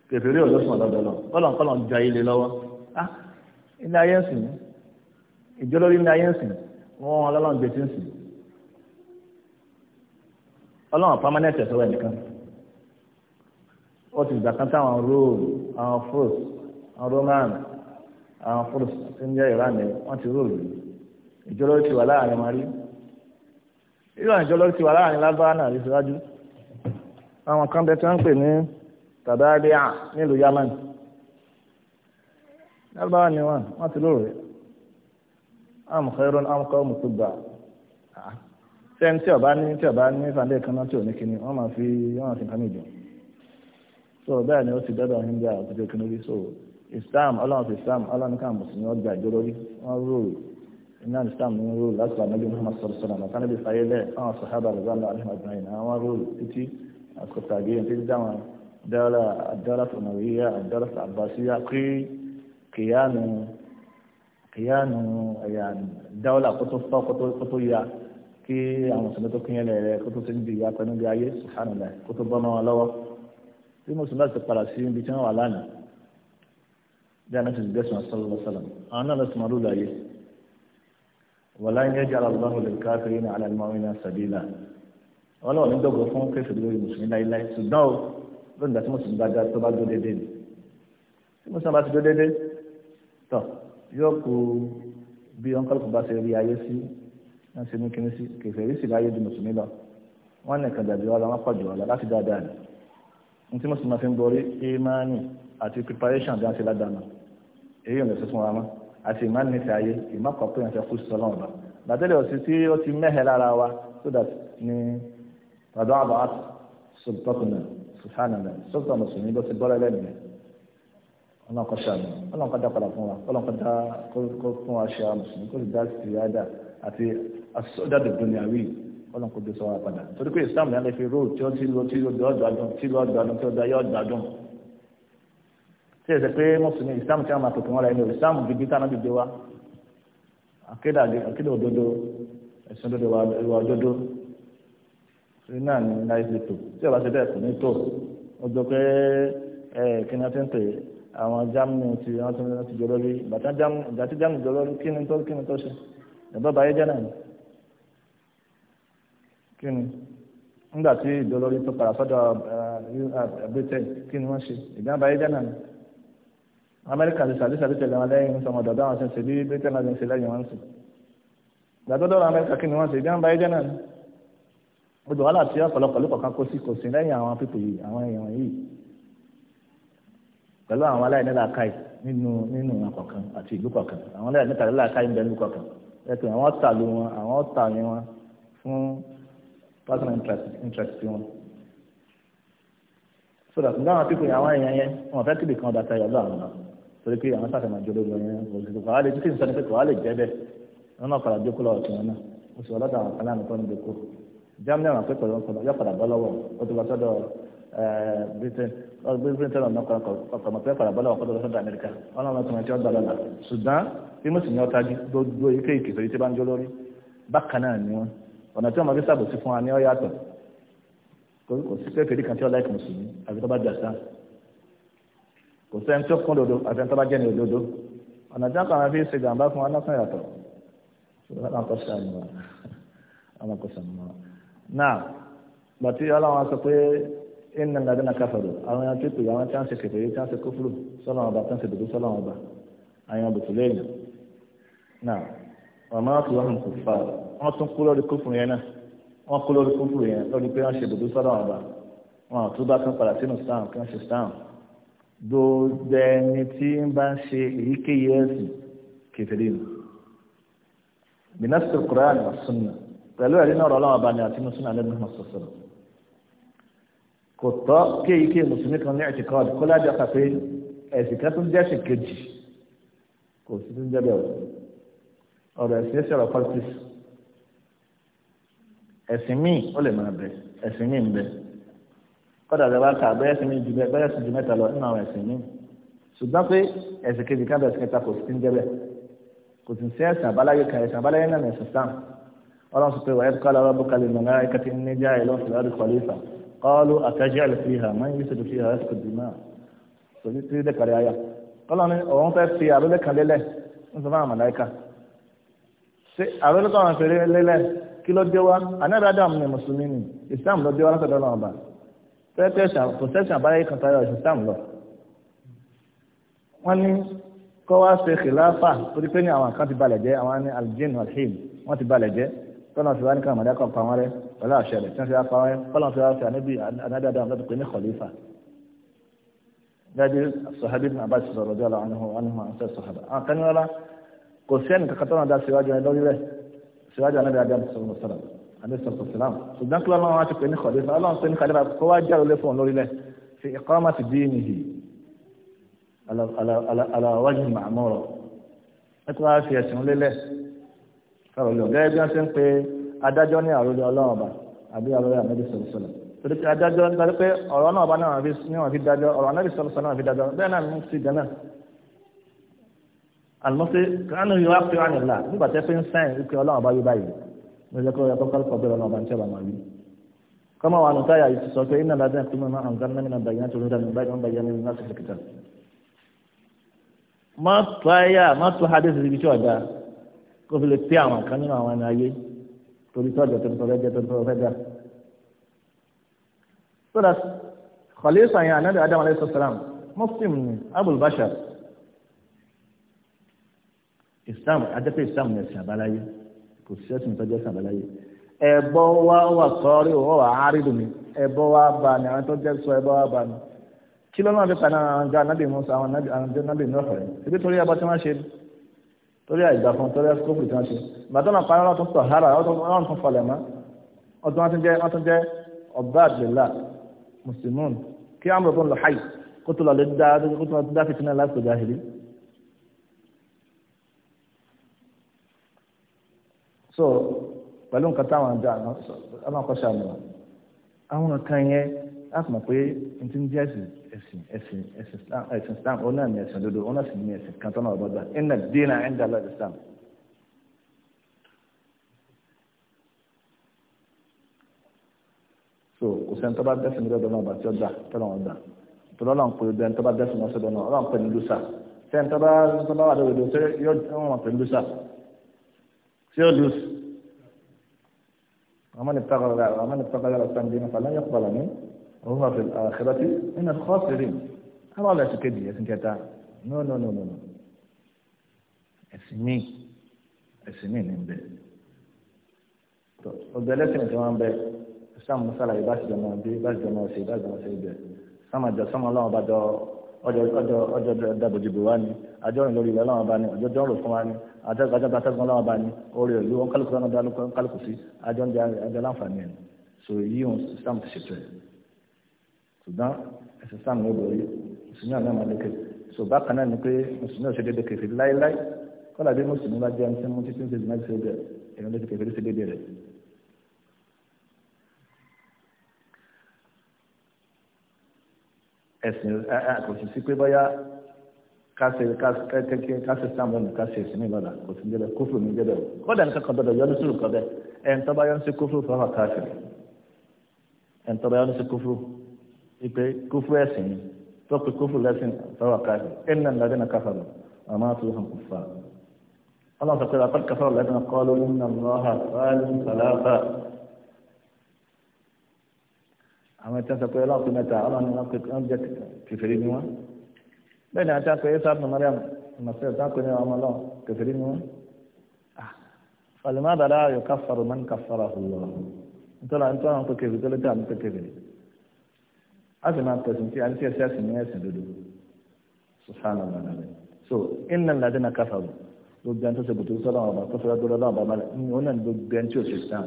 Speaker 1: kéfèrè ò lóṣùn ọ̀lọ́dọ̀ lọ kọ́lọ̀ńkọ́lọ̀ ń ja ilé lọ́wọ́ ah ilé ayé ń sìn ìjọ́lórí ilé ayé ń sìn wọn ọlọ́run gbé tí ń sìn ọlọ́run permanent ẹ̀sọ́ ẹ̀ nìkan ó ti gbà kan táwọn róòlù àwọn fúrùs àwọn roman àwọn fúrùs tí ń jẹ́ ìran ẹ̀ wọ́n ti róòlù ìjọba ti wà láàrin wọn rí irú àwọn ìjọba ti wà láàrin lábára náà rí síwájú àwọn kan bẹ tí wọ́n ń pè ní tàbí nílùú yamani lábára ni wọ́n wọ́n ti róòlù rẹ̀. am khairun am qawmu tubba sẹ́ni ah. tí ọba ní tí ọba ní sàndé kan náà tí ò ní kíní wọ́n máa fi wọ́n máa fi nǹkan mìíràn so bẹ́ẹ̀ ni ó ti dọ́dọ̀ ọ̀hún bí i àkójọ kíní rí so islam ọlọ́run fi islam ọlọ́run ká mùsùlùmí ọgbà ìjọba rí wọ́n rúurú iná islam ní rúurú láti wà níbi muhammad sọ̀rọ̀ sọ̀rọ̀ àmọ́ káníbi fàyè lẹ̀ àwọn sàhábà rẹ̀ lọ́la alẹ́ àgbà yìí àwọn rúurú títí àkótà gíyẹn títí dáwọn dáwọ́lá àdáwọ́lá fòmùwíyà àdáwọ́lá àbáṣíyà kí kìyàmù ìyáàánú ẹ̀yà dáwọ́là kótó fọ́ kótó ya kí àwọn mùsùlùmí tó kínyẹn lẹ̀rẹ̀ kótó tó ń bi ìyá pẹ̀lú bí ayé subhanallah kótó bọ́ mọ́ wọn lọ́wọ́ bí mùsùlùmí láti padà sí ibi tí wọ́n wà lánàá bí a náà ti gbé sùn sallallahu alaihi wasallam àwọn náà lọ́sùn máa lù láyé wala yaj'al Allahu lil kafirina 'ala al-mu'minina sabila wọn náà ní dọ́gbọ̀ fún kẹfìrí lórí mùsùlùmí láéláé ṣùgbọ́n o lónìí yóò ku bí ọ̀nkọ́lù kò bá ṣe rí ayé sí wọ́n ṣe ní kíní sí kẹfẹ́ rí sì láyé ju mùsùlùmí lọ wọ́n ní kàdà jù lọ wọ́n pọ̀ jù ọ́ lọ láti dáadáa ni ní tí mùsùlùmí fi ń borí ìmánì àti preparation bí wọ́n ṣe ládàáná èyí ò lè sọ́sùn wa mọ́ àti ìmánì nífẹ̀ẹ́ ayé ìmọ̀kọ̀ pé wọ́n ṣe kú sọ́lọ́ ọ̀la gbàtẹ́lẹ̀ òsì tí ó ti mẹ́hẹ̀ lára wa so that ni tàdó àbọ̀ àt sọ̀tọ̀kùnà sùhánà sọ̀tọ̀ mùsùlùmí bó ti bọ́lá lẹ́nu ọlọ́nkọ́ sàmì ọlọ́nkọ́ dápadà fún wa ọlọ́nkọ́ dá kó fún wa ṣe àwọn mùsùlùmí kó sì dá síyáda àti asọ́dàdọ̀ tó ní àwí ọlọ́nkọ́ gbé sọ́wọ́ padà torí pé islam yàrá fi róò tí ó ti lọ tí ó dọ̀ ọ̀dọ̀ tí ó dọ̀ ọ̀dọ̀ tí ó dọ̀ yọ̀ ọ̀dọ̀ tí ẹ̀sẹ̀ pé mùsùlùmí islam tí a máa tòkè wọn ra ẹni islam gidi tánà dìde wa akéda òdodo ẹ̀sìn òdodo ìwà òdodo torí náà ní náà ètò tí ọba ti bẹ́ẹ̀ kò ní tó ó jọ pé ẹ kí ni a ti ń pè é àwọn jámù ti wọn tó ti jọ lórí bàtà jámù ìgbà tí jámù jọ lórí kí ni tó kí ni tó ṣe ìbá bàyẹ jẹ náà kí ni tí ìjọ lórí tó padà sọ́dọ̀ eh, eh, britain kí ni wọn ṣe ìgbà bàyẹ jẹ náà amẹ́ríkà ti sàdí sàdí tẹ́lẹ̀ wọn lẹ́yìn sọmọ dọdọ àwọn ṣẹṣẹ bí britain náà ti ṣe lẹ́yìn wọn sí ìgbà tó dọ̀rọ̀ amẹ́ríkà kí ni wọn ṣe ìgbà bàyẹ jẹ náà odò wàhálà tí ọ̀pọ̀lọpọ̀ ló kọ̀ọ̀kan kó sí kò sí lẹ́yìn àwọn pípò àwọn èèyàn yìí pẹ̀lú àwọn aláìní làákàyè nínú nínú àkọ̀kan àti ìlú kọ̀ọ̀kan àwọn aláìní tàbí làákàyè ń bẹ nílùú kọ̀ọ̀kan ẹ̀tọ́ àwọn tàlù wọn àwọn tààyè wọn fún personal interest interest wọn so that nígbà wọn pípé àwọn èèyàn yẹn wọn fẹ́ kíbi kan dàtà yàrá àwọn náà torí pé àwọn sáfẹ́ máa jọlọ́ lọ́yẹn òṣèlú kò lè títí nítorí pé kò lè jẹ́ bẹ́ẹ̀ wọn náà padà britain ọgbẹ́ britain ọ̀nà ọ̀kọ̀mọ̀pẹ́ padà bọ́lá ọ̀kọ́ lọ́sọ̀ dà amẹ́ríkà ọlọ́run ọ̀tún ẹ̀tí ọ̀gbà lọ́la ṣùgbọ́n bí mo sì ní ọ̀tájú gbogbo ike ìkèsè yìí tí bá ń jó lórí bákan náà ni wọn ọ̀nà tí ọmọ fi sàbòsí fún wa ní ọ yàtọ̀ kò sí pé kèdè kan tí ọ láìkì mùsùlùmí àbí tó bá jà sáà kò sẹ́ni tó kún lòdò àti ẹni tó bá jẹ́ ní òdodo ọ̀nà tí wọn kàn fi ṣe gàmbá fún wa lọ́sàn yàtọ̀ ṣùgbọ́n àwọn kò sàmùwà àwọn kò sàmùwà náà gbàtí ọlọ́run sọ pé inna ladina kafaru àwọn yàtí pé àwọn tí wọ́n ṣe kẹfẹ́ yìí tí wọ́n ṣe kófúrò sọ́nà ọba tí wọ́n ṣe dùdú sọ́nà ọba àyàn bùtù lẹ́yìn náà wọ́n máa fi wọ́n kò fà wọ́n tún kú lórí kófúrò yẹn náà wọ́n kú lórí kófúrò yẹn lórí pé wọ́n ṣe dùdú sọ́nà ọba wọn àtún bá tún padà sínú sáà kí wọ́n ṣe sáà gbogbo ẹni tí ń bá ń ṣe èyíkéyìí ẹ̀sìn kẹfẹ́ lẹ́yìn bínásítì kúrẹ́ àná sunna pẹ̀lú ẹ̀rí náà rọ̀ ọlọ́wọ́ bá àti mùsùlùmí alẹ́ bí wọ́n sọ kò tọ́ kéèké mùsùlùmí kan ní ẹ̀sìn kan kó lájọ kà pé ẹ̀sìn kan tó ń jẹ́ ẹ̀sìn kejì kò sí tó ń jẹ́ bẹ́ẹ̀ ọ̀rọ̀ ẹ̀sìn ẹ̀sìn ọ̀rọ̀ politics ẹ̀sìn míì ó lè máa bẹ ẹ̀sìn míì ń bẹ kọ́dà rẹ̀ bá kà bẹ́ẹ̀ ẹ̀sìn míì ju bẹ́ẹ̀ bẹ́ẹ̀ ẹ̀sìn ju mẹ́ta lọ nínú àwọn ẹ̀sìn míì ṣùgbọ́n pé ẹ̀sìn kejì kan bẹ̀rẹ̀ kẹta kò قالوا أتجعل فيها من يفسد فيها يسفك الدماء sọdí tí dẹ́ka rẹ̀ ayá kọ́lá ni òun fẹ́ fi àrólẹ́ kan lélẹ̀ ń sọ fún àwọn màláíkà ṣé àrólẹ́ kan fẹ́ lélẹ̀ kí ló dé wá anábì Ádámù ni mùsùlùmí ni Islam ló dé wá látọ̀dọ̀ náà bá tẹ́tẹ́sà pòtẹ́sà báyé kan tayọ Islam lọ. wọ́n ní kọ́ wá ṣe kìláfà torí pé ní àwọn kan ti balẹ̀ jẹ́ àwọn ní aljin alhim wọ́n ti balẹ̀ jẹ́ tọ́nà tí wàá ní káwọn mọ̀dákọ̀ pa wọn rẹ pẹ̀lú àṣẹ rẹ̀ tí wọ́n ti wá pa wọn rẹ fọlọ́n ti wá fi ànábì ànábì àdáwọn lọ́dún pé ní kọ̀lífà gẹ́gẹ́ sọ̀hábì ní abáṣe sọ̀rọ̀ ọjọ́ àwọn ọ̀hún wọn ni wọn ṣe sọ̀hábà àwọn kan ní wọn la kò sí ẹnì kankan tọ́nà dá síwájú ẹni lórí rẹ̀ síwájú ànábì àdáwọn sọ̀rọ̀ sọ̀rọ̀ àbí sọ̀rọ̀ sọ̀rọ̀ ṣùgbọ́n kí wọ́n máa ti pè ní kọ̀lífà ọlọ́run pé ní kọ̀lífà ọ̀rọ̀ lọ gẹ́gẹ́ bí wọ́n ṣe ń pe adájọ́ ní àròjọ ọlọ́run ọba àbí àròjọ àmẹ́bí sọ̀rọ̀sọ̀rọ̀ torí pé adájọ́ nítorí pé ọ̀rọ̀ náà ọba náà ní wọ́n fi dájọ́ ọ̀rọ̀ àmẹ́bí sọ̀rọ̀sọ̀rọ̀ náà fi dájọ́ bẹ́ẹ̀ náà mú sí gánà àlùmọ́sí kánú yóò wá pé wà nílà nígbà tẹ́ fi ń sẹ́yìn wípé ọlọ́run ọba yóò báyìí mo jẹ́ kó yẹ kó kálukọ̀ bẹ́ẹ̀ ọlọ́run ọba ń tẹ́wà máa wí. kọ́mọ wa nù táyà yìí sọ pé iná ládé kí mo máa hàn kó fi lè pé àwọn kan nínú àwọn ẹni ayé torí tọ́jọ́ tó ń tọrọ ẹjẹ tó ń tọrọ fẹ́jà. sódà khalifa yẹn anabi adam alayhi salam muslim ni abul bashar islam adẹ́pẹ́ islam ní ẹ̀sìn àbáláyé kò sí ẹ̀sìn tọ́jọ́ ẹ̀sìn àbáláyé ẹ̀bọ wa wà sọ́ọ́rí òwò wà árídùn mi ẹ̀bọ wa bá mi àwọn tó jẹ́ sọ ẹ̀bọ wa bá mi kí lọ́nà àbí pa náà àwọn jọ musa àwọn anabi nọ́ọ̀fẹ́ ebi torí ẹbọ tí wọ́n ṣe torí àìgbà fún torí ẹsikópù tí wọ́n ṣe ìbàdàn náà parí ọlọ́tún tọ̀ hàrà ọlọ́run tún falẹ̀ mọ́ ọdún wọn tún jẹ́ wọn tún jẹ́ ọba àdìlá mùsùlùmùn kí àmọ̀ tó ń lọ háì kó tó lọ lè dá kó tó lọ dá fìtínà lásìkò jáhìlì. so pẹ̀lú nǹkan táwọn àjà àwọn akọ́ṣà mi àwọn kan yẹn láti mọ̀ pé n ti ń jẹ́ ẹ̀sìn ẹ̀sìn ẹ̀sìn ẹ̀sìn islam ẹ̀sìn islam ó náà ní ẹ̀sìn òdodo ó náà sì ní ẹ̀sìn kan náà ọ̀dọ́gba ẹ̀nà dínà ẹ̀ńdà lọ́dọ̀ islam. so kò sẹ́ni tó bá dẹ́sìn ní ọ̀dọ́ náà bá tí ó gbà tó náà gbà tó lọ́la ń pè é dẹ́ni tó bá dẹ́sìn lọ́sọ̀ dọ́nà ọ̀la ń pè ní lùsà sẹ́ni tó bá tó bá wà lódodo tó yọ wọn وهما في الآخرة من الخاسرين àwọn ọ̀la ẹ̀sìn kejì ẹ̀sìn kẹta نو نو نو no ẹ̀sìn míì ẹ̀sìn míì ní bẹ ọgbẹ ẹlẹ́sìn tí wọ́n bẹ sam musala yìí bá ti jọmọ bí bá ti jọmọ ṣe bá ti jọmọ ṣe bẹ sàmàjọ sọmọ ọlọ́run bá jọ ọjọ́ ọjọ́ ọjọ́ dàbòjìbò wa ni àjọ ìlú orí ilẹ̀ ọlọ́run bá ní ọjọ́ jọrò fún wa ni àjọ ìgbàjọ gbàtẹgùn ọlọ́run bá ní orí ìlú wọn kálukú lọnà bí wọn kálukú sí àjọ ń jẹ àjọ láǹfààní ẹ so èyí sam ti ṣètò ẹ ṣùgbọ́n ẹ̀sìn sáàmù ló borí mùsùlùmí àná máa lékè so bákan náà ni pé mùsùlùmí ò ṣe déédéé kèfé láéláé kọ́lá bí mùsùlùmí bá jẹ́ ẹni mú títí ń ṣe ìgbìmọ̀ ṣe bẹ̀ èèyàn lè fi kèfé ṣe déédéé rẹ̀. ẹ̀sìn kò sì sí pé bóyá kase kase kase sáàmù ẹni kase ẹ̀sìn nígbà náà kò sí jẹ́ bẹ́ẹ̀ kófù mi jẹ́ bẹ́ẹ̀ kọ́lá nìkan kan dọ̀dọ̀ yọ́nú sùrù kan bẹ́ẹ̀ ẹ̀ ń tọ́ba yọ́nú sí kófù fún ọ ipe kófù ẹ̀sìn ni tọ́pẹ̀ kófù lẹ́sìn fáwọn akáṣe ẹ̀nà ńlá dẹ́nà káfàlọ́ àmọ́ àti òhàn kò fà. ọlọ́run sọ pé àpẹẹrẹ káfàlọ́ lẹ́sìn kọ́ ló ń nà lọ́hà fáálí sàlábà. àwọn ẹ̀tẹ́ sọ pé ọlọ́run pé mẹ́ta ọlọ́run ni wọ́n jẹ́ kẹfẹ́rí ni wọ́n. bẹ́ẹ̀ ni àti àpẹẹrẹ sábà mariam mọ̀sẹ̀ táàkùn ní ọmọ ọlọ́run kẹfẹ́rí ni wọ́n. فلماذا لا يكفر من كفره الله انت لا انت انت كيف قلت انت كيف هذا ما بتزن فيه الناس بدون سبحان الله نعم so إن الذين كفروا لبيان تسبتوا صلى الله عليه كفر دولا لا بما إن أنا لبيان شو سيستان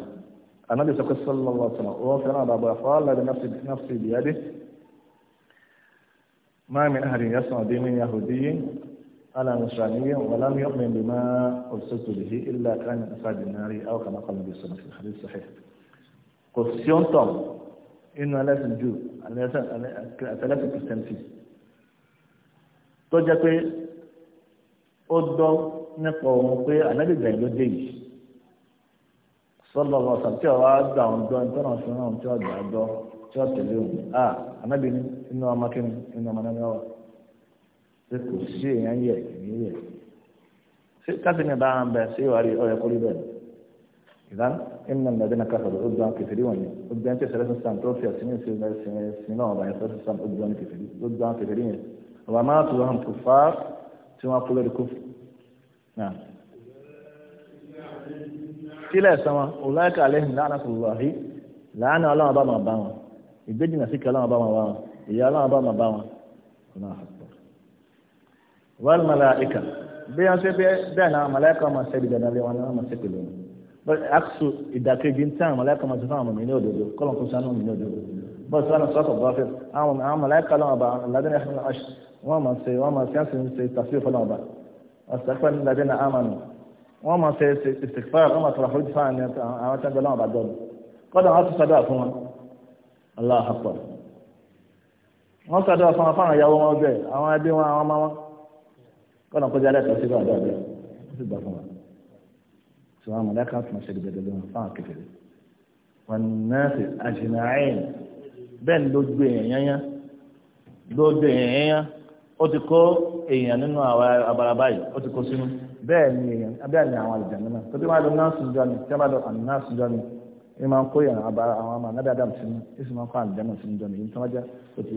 Speaker 1: أنا أقول صلى الله عليه وسلم وفرنا بابا فعل لنفسي نفسي بيده ما من أحد يسمع دين يهودي على نصرانية ولم يؤمن بما أرسلت به إلا كان أصحاب النار أو كما قال النبي صلى الله عليه وسلم في الحديث الصحيح. قصيون توم inú alẹ́sìn jù àtẹlẹ́sìn kìrìsìtẹ́ǹtì tó jẹ́ pé ó dọ́ nípa òun pé ànágbègbè ló dé yìí sọlọ́lọ́ sàtí ọ̀wá gbà òun dọ́ nítorí àwọn fúnra òun tí wọ́n gbà dọ́ tí wọ́n tẹ̀lé òun à ànábì ní inú ọmọ kí ni inú ọmọ náà wà pé kò sí èèyàn yẹ èèyàn yẹ káfíńì bá ń bẹ sí ìwádìí ọ̀rẹ́kùnrin bẹ́ẹ̀ إذا إن الذين كفروا أبدا كفري وني كفري أنت ثلاث سنين توفي سنين سنين سنين أربعة ثلاث سنين أبدا كفري أبدا كفري وماتوا وهم كفار ثم قبل الكفر نعم كلا سما أولئك عليهم لعنة الله لعنة الله أبا ما باما يبدي نسيك الله أبا ما باما يا الله أبا ما باما الله أكبر والملائكة بيان سيبي دانا ملائكة ما سيبي دانا لي وانا ما سيبي لونه aksu ìdàkejì ń tẹ́ àwọn mọ̀láìkà máa ti fún àwọn mọ̀mí òdodo kọ́lọ̀ kó sánú mọ̀mí òdodo bọ́ọ̀ sọ́nà sọ́kọ̀ bọ́ọ̀fẹ́ àwọn mọ̀láìkà lọ́wọ́ bá ládínà wọ́n máa ṣe wọ́n máa ṣe àṣì ń ṣe tàṣí ìfọ́nà ọba ọ̀sẹ̀kọ́ ní ládínà àmàlù wọ́n máa ṣe ìsìnkú wọ́n máa tọrọ fún ìfọ́nà àwọn tẹ́gbẹ́ lọ́wọ́ bá dọ́ọ̀lù kọ́dà wọ́n ti sọ́dọ̀ fún wọn Allahu Akbar wọ́n sọ́dọ̀ fún wọn fáwọn ìyàwó wọn bẹ́ẹ̀ àwọn tí wọ́n mọ̀lẹ́kà tó máa ṣe gbẹ̀dẹ̀ lọ́wọ́ fáwọn kékeré wọn náà fi àjìnàáyìn bẹ́ẹ̀ ni lójú èèyàn yányá lójú èèyàn yányá ó ti kó èèyàn nínú àwọn abaraba yìí ó ti kó sínú bẹ́ẹ̀ ni èèyàn bẹ́ẹ̀ ni àwọn àlùjá nínú tó bí wọ́n á lọ náà sùn jọ ni tí wọ́n bá lọ àná náà sùn jọ ni ẹ máa ń kó èèyàn àwọn ọmọ anábẹ́ adam sínú ẹ sì máa ń kó àlùjá náà sínú jọ ni èyí tí wọ́n jẹ́ òtí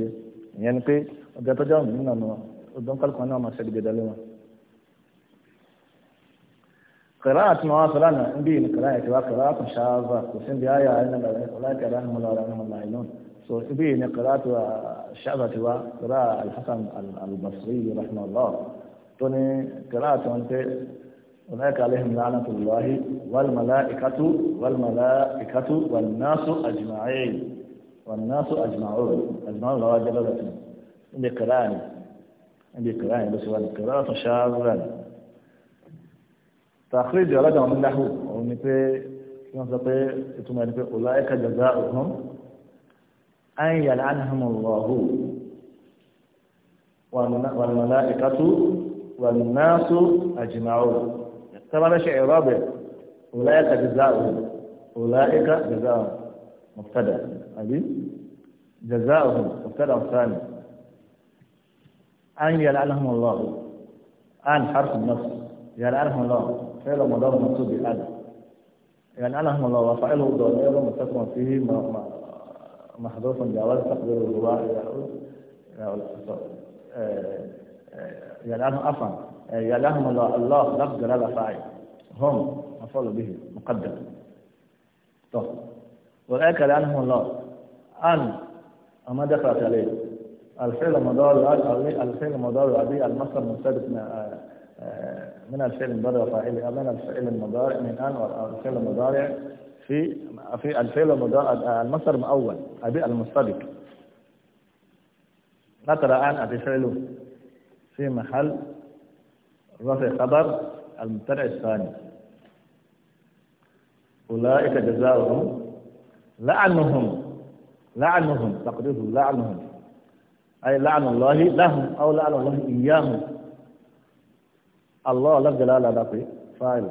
Speaker 1: ìyẹn ni pé ọ̀gá tó jẹ́ òmìnira náà ọdún kálukú náà máa ṣe gbẹ̀dẹ̀ lọ́wọ́ قراءة مواصلة عندي من قراءة وقراءة شاذة وسند آية أن أولئك لأنهم لا هم ماعلون سو بين قراءة الشاذة قراءه الحسن البصري رحمه الله توني قراءة أنت هناك عليهم لعنة الله والملائكة والملائكة والناس أجمعين والناس أجمعون أجمعون الله جل وعلا عندي قراءة عندي قراءة بس قراءة شاذة تخريج رجع من له ونبي نصبي ثم نبي أولئك جزاؤهم أن يلعنهم الله والملائكة والناس أجمعون طبعا شيء عرابي أولئك جزاؤهم أولئك جزاؤهم مبتدا أبي جزاؤهم مبتدا ثاني أن يلعنهم الله أن حرف النص يلعنهم الله في رمضان مكتوب بهذا يعني أنا الله دون ضمير مستثمر فيه محذوف جواز تقدير الرواء يلعنهم عفوا يلعنهم الله الله لفظ جلالة فاعل هم مفعول به مقدم طب وذلك لعنهم الله أن أما دخلت عليه الفعل مضارع الفعل مضارع به المصدر مستدرك آه، من الفعل المضارع وفاعله من الفعل المضارع من أن والفعل آه، المضارع في في الفعل المضارع آه، المصدر الاول أبي المستبق نقرأ أن أبي فعله في محل رفع خبر المبتدع الثاني أولئك جزاؤهم لعنهم لعنهم تقريبا لعنهم أي لعن الله لهم أو لعن الله إياهم الله جلال الآلة في فاعل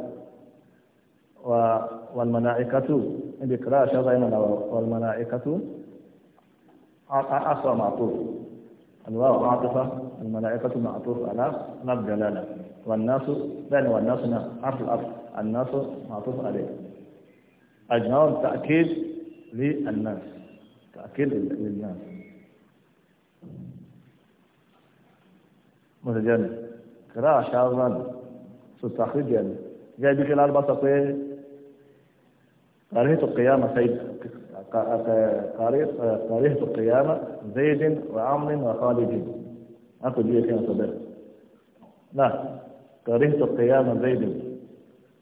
Speaker 1: والملائكة بقراءة شرعنا والملائكة أصلا معطوف الواو عاطفة الملائكة معطوف على لفظ الآلة والناس بين والناس حرف الأصل الناس معطوف عليه أجمعون تأكيد للناس تأكيد للناس متجانس قراءة شاذة تستخرج يعني جاي بيجي الأربعة تقوي كرهت القيامة سيد كرهت القيامة زيد وعمر وخالد أكو جيه كان صدر لا كرهت القيامة زيد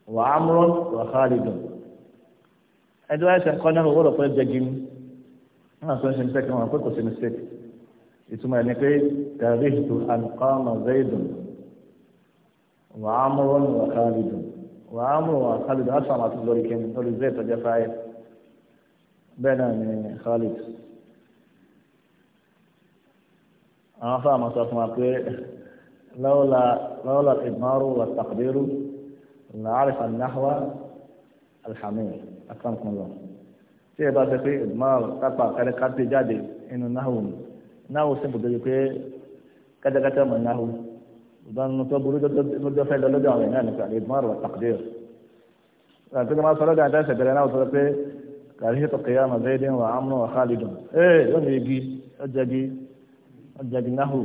Speaker 1: وعمر وخالد أدوا عشان قناه غرف الجيم أنا سويت مسك ما كنت سمسك يسمى يعني كرهت أن قام زيد وعمر وخالد وعمر وخالد أسمع ما تقولي كم تقول زيت الجفايف بين خالد أنا فاهم أساس ما لولا لولا الإضمار والتقدير لعرف النحو الحميد أكرمكم الله شيء بعد في إضمار تبع كذا كذا جادي إنه نحو نحو سبب ذلك كذا كذا من نحو وده المصاب برودة ده فعل الذي علينا يعني لك الإدمار والتقدير لكن يعني ما صلى ده عداسة بلنا وصلت به كارهية القيامة زيد وعمر وخالد إيه وين يجي أجدي أجدي نهو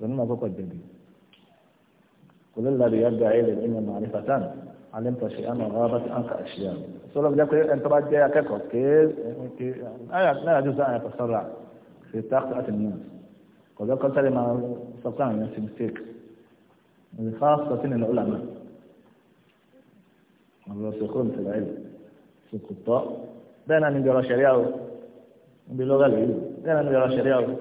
Speaker 1: كنا فوق أجدي كل الذي يرجع إلى العلم معرفتان علمت شيئا وغابت عنك أشياء سورة بدك إيه؟ أنت بعد جاي أكاكوس كيف لا يجوز أن آية- يتسرع آية في تقطعة الناس قلت لما sọ pé àwọn èèyàn ti mistake ọ̀rẹ́ fáwọn sọ nílẹ̀ ọ̀làmà ọ̀rọ̀ ṣèkó nìtẹ̀lá ìlú ṣèkó tọ́ bẹ́ẹ̀ náà níbi ọ̀rọ̀ ṣẹ̀ríà o níbi lọ́gà lèyí bẹ́ẹ̀ náà níbi ọ̀rọ̀ ṣẹ̀ríà o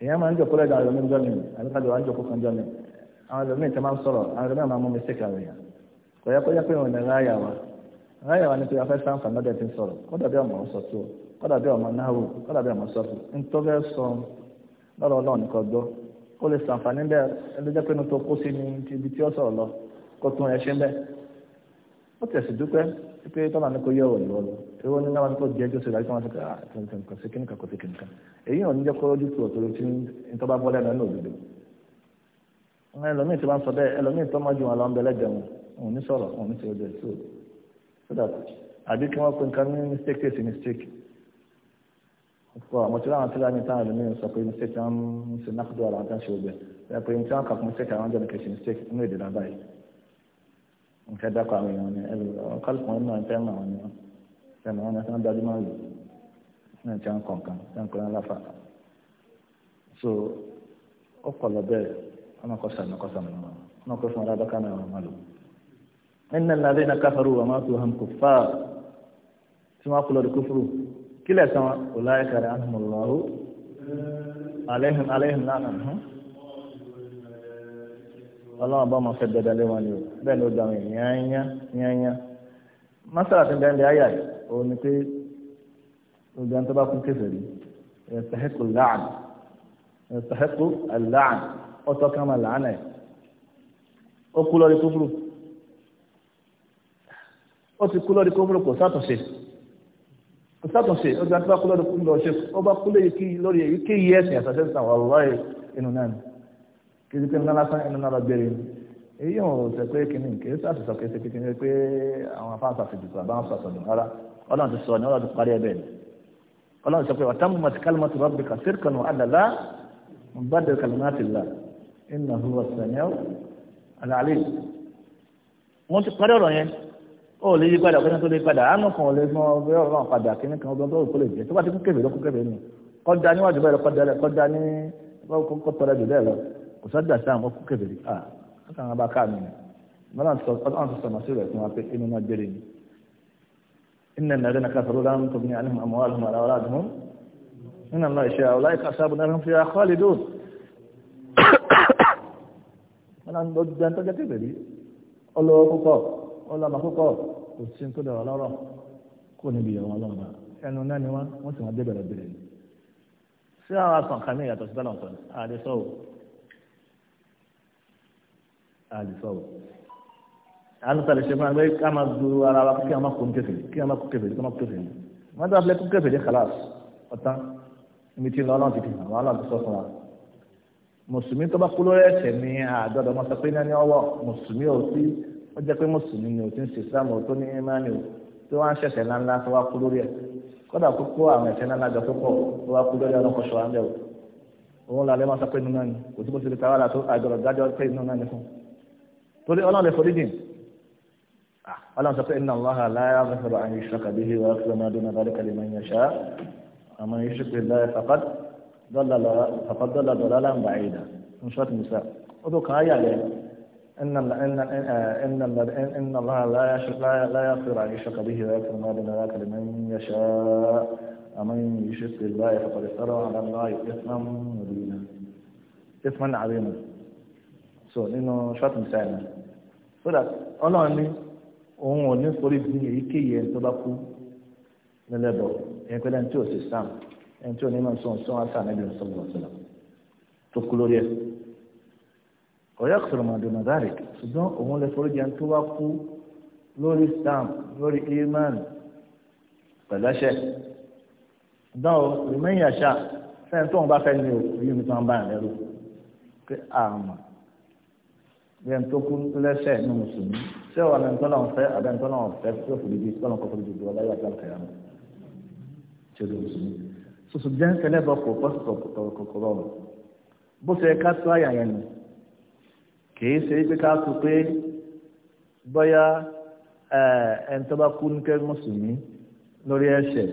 Speaker 1: èèyàn máa ń jòkó lẹ́dọ̀ àyọ̀ níbi jọ́mi àbíkájọ wa ń jòkó kan jọ́mi àwọn ẹ̀rọ míì tẹ́ máa ń sọ̀rọ̀ àwọn ẹ̀rọ máa mú mistake àwọn èèyàn kò yẹ kó yẹ pé òun ní ráyà wa ráyà wa ni pé afẹ́ sáǹfà lọ́dẹ̀ ti ń sọ̀rọ̀ kódà bí ọmọ sọ̀tù kódà bí ọmọ náà wò kódà bí ọmọ sọ̀tù ń tó bẹ́ẹ̀ sọ lọ́rọ̀ ọlọ́run nìkan gbọ́ ó lè sàǹfààní bẹ́ẹ̀ ẹlẹ́jẹ́ pé inú tó kó sí ní ibi tí ó sọ̀rọ̀ lọ kó tún ẹṣin bẹ́ẹ̀ ó tẹ̀sí dúpẹ́ pé tọ́lá ní kò yẹ òòlù ọ̀lọ́ ewé ní náà ní kò jẹ́ jọ́sẹ̀ láti wọ́n ti kà kò sí kíníkà kò sí kíníkà èyí ò ní jẹ́ kóró jù tó torí tí nítorí bá bọ́ lẹ́nu ẹlòmíì mistake is fọ àwọn tí láwọn tí na táwọn ẹlòmí ń na pé mistake tí na ń ṣe nákúdọ àwọn tí wọn ṣe ọbẹ ẹ pé tí wọn kà fún mistake àwọn jẹ nìkan ṣe mistake inú èdè náà báyìí nǹkan dákọ àwọn èèyàn ni ẹlò àwọn kálukú wọn náà fẹ́ràn àwọn èèyàn fẹ́ràn àwọn tí wọn dájú máa lò náà tí wọn kọ̀ọ̀kan tí kílẹ̀ sọ wọn ọláyé kàrẹ́ àhùnmọ̀lọ́wọ́ aléhùn aléhùn lánàá hàn ọlọ́run bá ọmọ fẹ́ dẹ́dẹ́ lé wọn ni o bẹ́ẹ̀ ni ó dàrú yányá yányá masala ti bẹ́ẹ̀ ni ayà yìí òun ni pé obìnrin tó bá kún kéfèé rí ẹ̀sẹ̀hẹ́kù láàn ẹ̀sẹ̀hẹ́kù láàn ọ̀tọ̀ kan máa làánà ẹ̀ ó kú lórí kófúrú ó ti kú lórí kófúrú kò sátọ̀ṣe sátúnṣe ó gbà tó bá kú lọ́dún kúlọ̀ ṣe ó bá kú lórí lórí èyí kí yí ẹ̀sìn àtàṣe ń tàwọn ọ̀rọ̀ ẹ̀ inú náà ni kí ni pé ńlá lásán inú náà lọ bẹ̀rẹ̀ ni èyí ò sẹ pé kìnnì kì í sàṣìṣọ kì í ṣe kìnnì pé àwọn afáǹsà fi dùkọ̀ àbáwọn sọ̀tọ̀ dùn rárá ọlọ́run ti sọ ní ọlọ́run ti parí ẹ bẹ́ẹ̀ ni sọ pé wa tammat kalimatu rabbika sidqan wa adla mubaddil kalimatillah innahu huwa as ó lè yí padà kọ́ni tó lè padà àánú kan ò lè gbọ́n ọgbẹ́ ọ̀rọ̀ náà padà kíní kan ọgbọ́n tó kó lè jẹ́ tó bá ti kú kébè ló kú kébè nù kọ́dá níwájú bẹ́ẹ̀ lọ kọ́dá lẹ kọ́dá ní kọ́ tọ́lá jù bẹ́ẹ̀ lọ kò sọ́dà sáà wọ́n kú kébè rí à kọ́kàn án bá ká mi mọ́nà tó sọ̀nà sí rẹ̀ fún wa pé inú náà gbére ni inna nàdé na káfà lóla tó ní alihum àmọ́ alihum àlá wàlá àdùnmọ́ nínú àlọ́ ìṣe àwòlá ìka sábà náà fi àkọọ́lì dùn mọ́nà tó jẹ́ kò sí tó dọ̀rọ̀ lọ́rọ̀ kó níbi ìrọ̀ ọlọ́run ẹnu náà ni wọ́n wọ́n sì wọ́n dé bẹ̀rẹ̀ bẹ̀rẹ̀ ni. sí àwọn asàn kan ní ìyàtọ̀ sí bẹ́lẹ̀ ọ̀tọ̀ àdìsọ́wò àdìsọ́wò. àlùsàlẹ̀ ṣe máa gbé ká máa du ara wa kí a máa kún kẹfìrí kí a máa kún kẹfìrí kí a máa kún kẹfìrí. wọ́n dábàá kún kẹfìrí kàlàs ọ̀tán ibi tí lọ́lọ́run ti fi hàn wọ́n lọ́ọ́ ti sọ fún wa mùsùlùmí tó bá kú lórí ẹ̀ṣẹ̀ ni àdọ́dọ̀ mọ́sọ pé ní ọwọ́ mùsùlùmí ò sí ó jẹ́ pé mùsùlùmí ni ò ti ń ṣe islam ò tó ní imáni ò tí wọ́n á ṣẹ̀ṣẹ̀ ńláńlá tó wá kú lórí ẹ̀ kódà kókó àwọn ẹ̀ṣẹ̀ ńláńlá jọ tó pọ̀ tó wá kú lórí ọlọ́kọ̀ṣọ́ wa ń o òun làlẹ́ máa sọ pé náà ni kò sí bó ti lè tawà látó àjọrọ̀ dájọ́ pé inú náà ni fún torí ọlọ́run lè forí ọlọ́run sọ pé inna Allaha la yaghfiru an yushraka bihi wa yaghfiru ma duna dhalika liman yasha إن إن إن إن الله لا لا لا يغفر أن يشرك به ويغفر ما دون ذلك لمن يشاء ومن يشرك بالله فقد افترى على الله إثما مبينا إثما عظيما so nínú short misali so that Ọlọ́run ní òun ò ní sórí bí èyíkéyìí ẹni tó bá kú nílẹ̀bọ̀ ẹni pẹ̀lú ẹni tí ò sì sàn ẹni tí ò ní mọ̀ sọ̀nsọ̀n àṣà níbi ìsọ̀rọ̀ ọ̀sẹ̀ tó kú lórí ẹ̀ ọ̀yọ́ sọ̀rọ̀mọ̀ àdùnnàdàrẹ̀ ṣùgbọ́n òun lè foríjì ẹni tó bá kú lórí stam lórí iman pẹ̀lẹ́ṣẹ̀ ṣùgbọ́n o rìmẹ́yìn àṣà sẹ́yìn tó ń bá fẹ́ ní o èyí mi tó ń bá yàn lẹ́rù pé àmà bí ẹni tó kú lẹ́ṣẹ̀ ní mùsùlùmí ṣé wà ní ntọ́nà ọ̀fẹ́ àbẹ́ ntọ́nà ọ̀fẹ́ tó foríjì tọ́nà kọ́ foríjì dùn ọláyà àti àkàyàmù kìí ṣe pé ká sọ pé bóyá ẹni tó bá kú ní kẹ́ mùsùlùmí lórí ẹ̀ṣẹ̀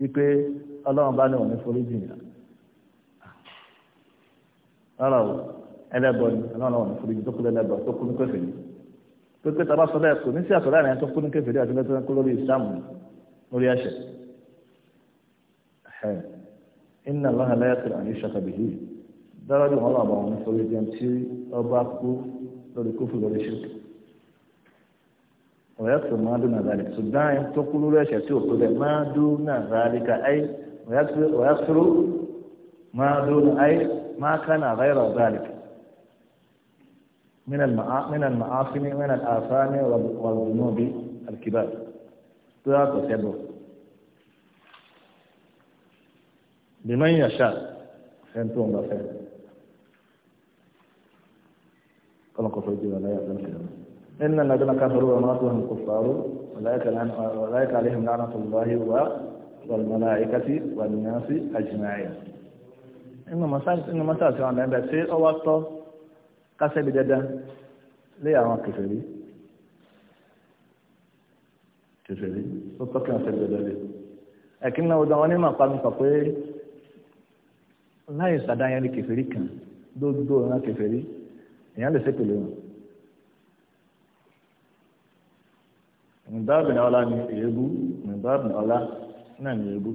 Speaker 1: wípé ọlọ́run bá ní òun ní foríjì yà rárá o ẹlẹ́bọ ni ọlọ́run òun ní foríjì tó kú lẹ́lẹ́bọ tó kú ní kẹfẹ́ ni pépé tá a sọ bẹ́ẹ̀ kò ní sí àtọ̀rọ̀ àrẹ̀ tó kú ní kẹfẹ́ àti lẹ́tọ́ kú lórí ìsìlámù lórí ẹ̀ṣẹ̀ inna Allaha la yaghfiru an yushraka bihi. dáradì wọn làwọn àwọn ìfọwọ́ ìjẹun tí ọba kú lórí kófù lórí ṣètò ويكفر ما دون ذلك سدان تقول لا شتوك ما دون ذلك أي ويكفر, ويكفر ما دون أي ما كان غير ذلك من المعا من المعاصم من الآثام والذنوب الكبار ذات سبب بمن يشاء فهمتم بخير kọ́lọ̀ kọ́fọ́ ìjọ aláyà tó ń kẹrẹ إن الذين كفروا وماتوا هم كفار أولئك عليهم لعنة الله والملائكة والناس أجمعين inú mọ́sáàsì tí wọ́n lẹ́ bẹ̀ tí ó wá tọ́ kásẹ̀bí dandan lé àwọn kèfèrí kèfèrí ó tọ́ kí wọ́n sẹ́bí dandan lé ẹ̀kí náà ọdún àwọn onímọ̀ pàmì sọ pé láì sàdáyẹn ní kèfèrí kan gbogbo ìran kèfèrí èèyàn lè ṣépèlè wọn. nìbáàbì náà ọlá ni èébú nìbáàbì náà ọlá náà ni èébú.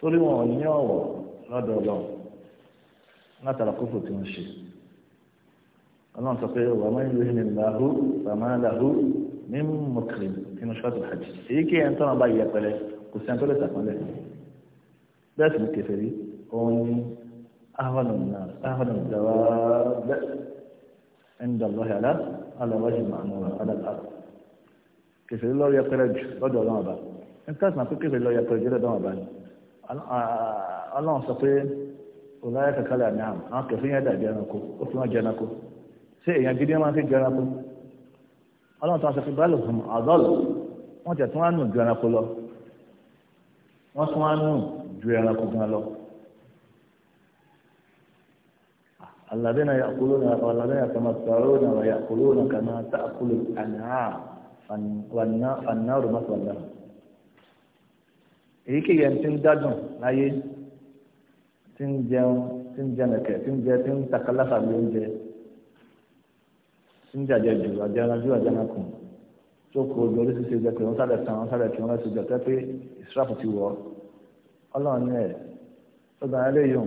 Speaker 1: torí wọn ò ní ọ̀wọ̀ lọ́dọ̀ ọlọ́run látara kófò tí wọ́n ṣe ọlọ́run sọ pé wà máa ń lo ìhìn ìlàhú bàmá làhú ní mọ̀kìrìm nínú ṣọ́ọ̀tù hajj èyí kí ẹni tọ́nà bá yẹ pẹlẹ kò sí ẹni tó lè sàpọ́nlẹ̀ bẹ́ẹ̀ sì ni kẹfẹ́ rí òun ni أهون الناس أهون الدواب عند الله على على وجه المعمور على الأرض كيف الله يقرج رجل الله بقى أنت تسمع كيف الله يقرج رجل الله بقى الله سطير ولا يتكلم نعم أنا كيف يدع جنكو أفهم جنكو سيء يعني جدي ما في جنكو الله تعالى في بالهم أضل وأنت تسمع إنه جنكو له وأسمع إنه جنكو جنكو الذين يأكلون والذين يتمتعون ويأكلون كما تأكل الأنعام والنار مثوى لهم èyíkéyìí ẹni tí ń dádùn láyé tí ń jẹun tí ń jẹnẹkẹ tí ń jẹ tí ń takalaka bí oúnjẹ tí ń jàjẹ jù àjẹranjú àjẹnakùn tó kó ojú orí ṣíṣe jẹ pé wọn sáré tán wọn sáré kí wọn lọ sí jọ tẹ pé ìsúráfù ti wọ Ọlọ́run ní ẹ ó gbà ẹ léyìn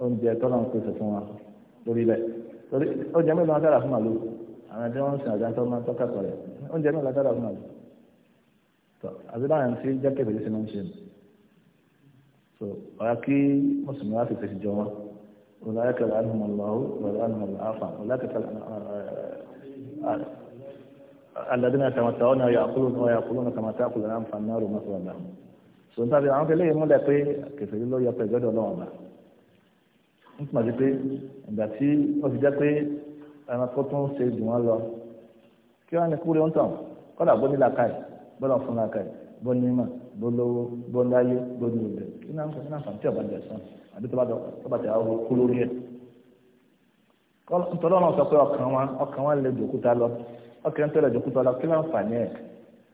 Speaker 1: oúnjẹ tọ́lá ń pèsè fún wa lórí ilẹ̀ torí oúnjẹ mélòó dára fún màlúù àwọn ẹgbẹ́ wọn ń sìn àjọ tó máa ń tọ́ka pẹ̀lẹ́ oúnjẹ mélòó dára fún màlúù tó àbí báyìí ti jẹ́ sí máa ń ṣe nù so ọ̀yà kí mùsùlùmí wá fèsì jọ wọn ọ̀làyà kẹlẹ̀ alùmọ̀lọ́wọ́ wọ̀lẹ̀ alùmọ̀lọ́fà ọ̀làyà kẹlẹ̀ alàdínà tàmátà ọ̀nà yàkúlù náà yàkúlù náà tàmátà kùlù náà ń fa náà rò mọ́tò ọ̀dà so nítorí àwọn kẹlẹ́ yìí múlẹ̀ pé kẹfẹ́ yìí ló yọ pẹ̀lú ọ̀dọ̀ ń túmọ̀ sí pé ìgbà tí ó ti jẹ́ pé ẹranko tó ń ṣe jù wọ́n lọ kí wọ́n ní kúrò ń tàn kọ́dà bó ní làkàì bó lọ fún làkàì bó ní mà bó lówó bó láyé bó ní ìbẹ̀ kí náà ń fà tí ọ̀bàjẹ́ sàn àbí tó bá tó bá tẹ̀ àwọn kú lórí ẹ̀ ntọ́lọ́ náà sọ pé ọkàn wa ọkàn wa lè jòkúta lọ ọkàn tó lè jòkúta lọ kí láǹfààní ẹ̀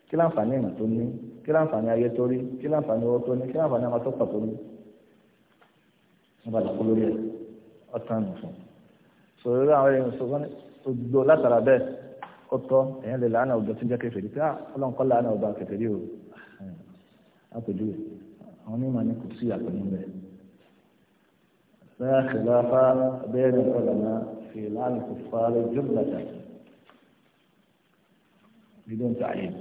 Speaker 1: kí láǹfààní ìmọ̀ tó ní kí láǹfààní ayé tó rí kí láǹfààní owó tó ní kí láǹfààní ọmọ tó pọ̀ tó ní nígbà tó kú lórí ẹ̀ ọ̀tàn fún un sọ̀rọ̀ àwọn èèyàn sọ̀rọ̀ gbogbo látara bẹ́ẹ̀ ó tọ́ èèyàn lè lánàá ọ̀dọ́ tí ń jẹ́ kèfèrí pé ah, ọlọ́run ọba kèfèrí o àpèjúwe ah, àwọn onímọ̀ ni kò sí àpèjú bẹ́ẹ̀. لا خلاف بين العلماء في لعن الكفار جملة بدون تعيين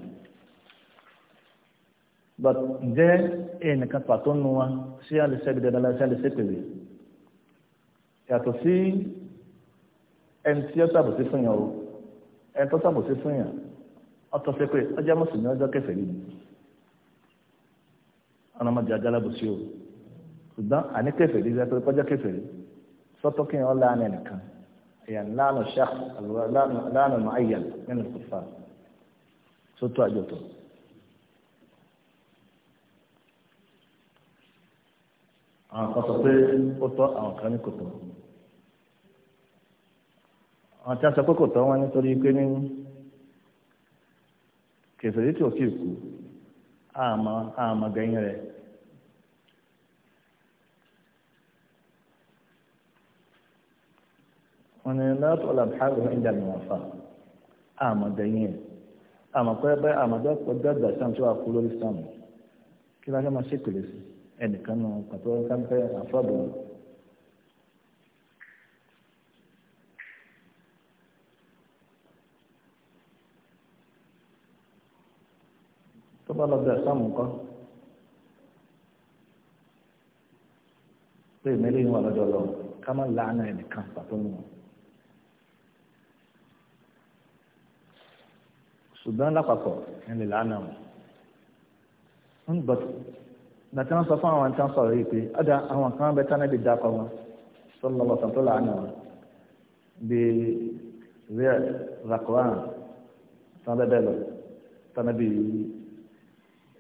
Speaker 1: but ǹjẹ́ èèyàn kan pàtó nu wa ṣé a lè ṣe gbẹdẹdẹ la ṣe a lè ṣe pèlè yàtọ̀ sí ẹni tí ó ṣàbòsí fún yàn o ẹni tó ṣàbòsí fún yàn ọtọ fẹ pé ọjọ́ mùsùlùmí ọjọ́ kẹfẹ yìí ọlọmọdé ajálábòsí o ṣùgbọ́n àní kẹfẹ yìí lẹpẹ ọjọ́ kẹfẹ yìí sọtọ kí yàn ọ lánà ẹnìkan èèyàn lánà ṣáà lánà nù ayẹl nínú ìkọfà sótó àjọtọ. àwọn kan pé ó tọ́ àwọn kan ní kòtò àwọn tí wọ́n sọ pé kò tọ́ wọn nítorí pé ní kèsìrì tí ò sì kú àmọ́ àmọ́ gẹ̀yìn rẹ̀. wọ́n ní lọ́tọ̀ làbáàrò ẹ̀dá ni wọ́n fà àmọ́ gẹ̀yìn rẹ̀ àmọ́ pé bẹ́ẹ̀ àmọ́ dọ́gba sàn tí wàá kú lórí sàn kí lásán máa ṣèkèlè sí ẹnìkan náà pàtó káńpẹ́ àfọ́bọ̀ọ́. bá lọ bẹ ẹ̀sán nǹkan pé ìmẹ́lẹ́ yìí wà lọ́dọ̀ lọ ká má làánà ẹnìkan pàtó nù. ṣùgbọ́n lápapọ̀ ẹni làánà wọn ń hmm, gbọ́dọ̀ gbàtí wọ́n sọ fún àwọn tí wọ́n sọ̀rọ̀ yìí pé ọ̀dà àwọn kan bẹ tánà bí dákọ̀ wọn tó lọ́wọ́ sàn tó làánà wọn bíi rẹ̀ ràkọ́ràn tán bẹ́ẹ̀ bẹ́ẹ̀ lọ tánà bíi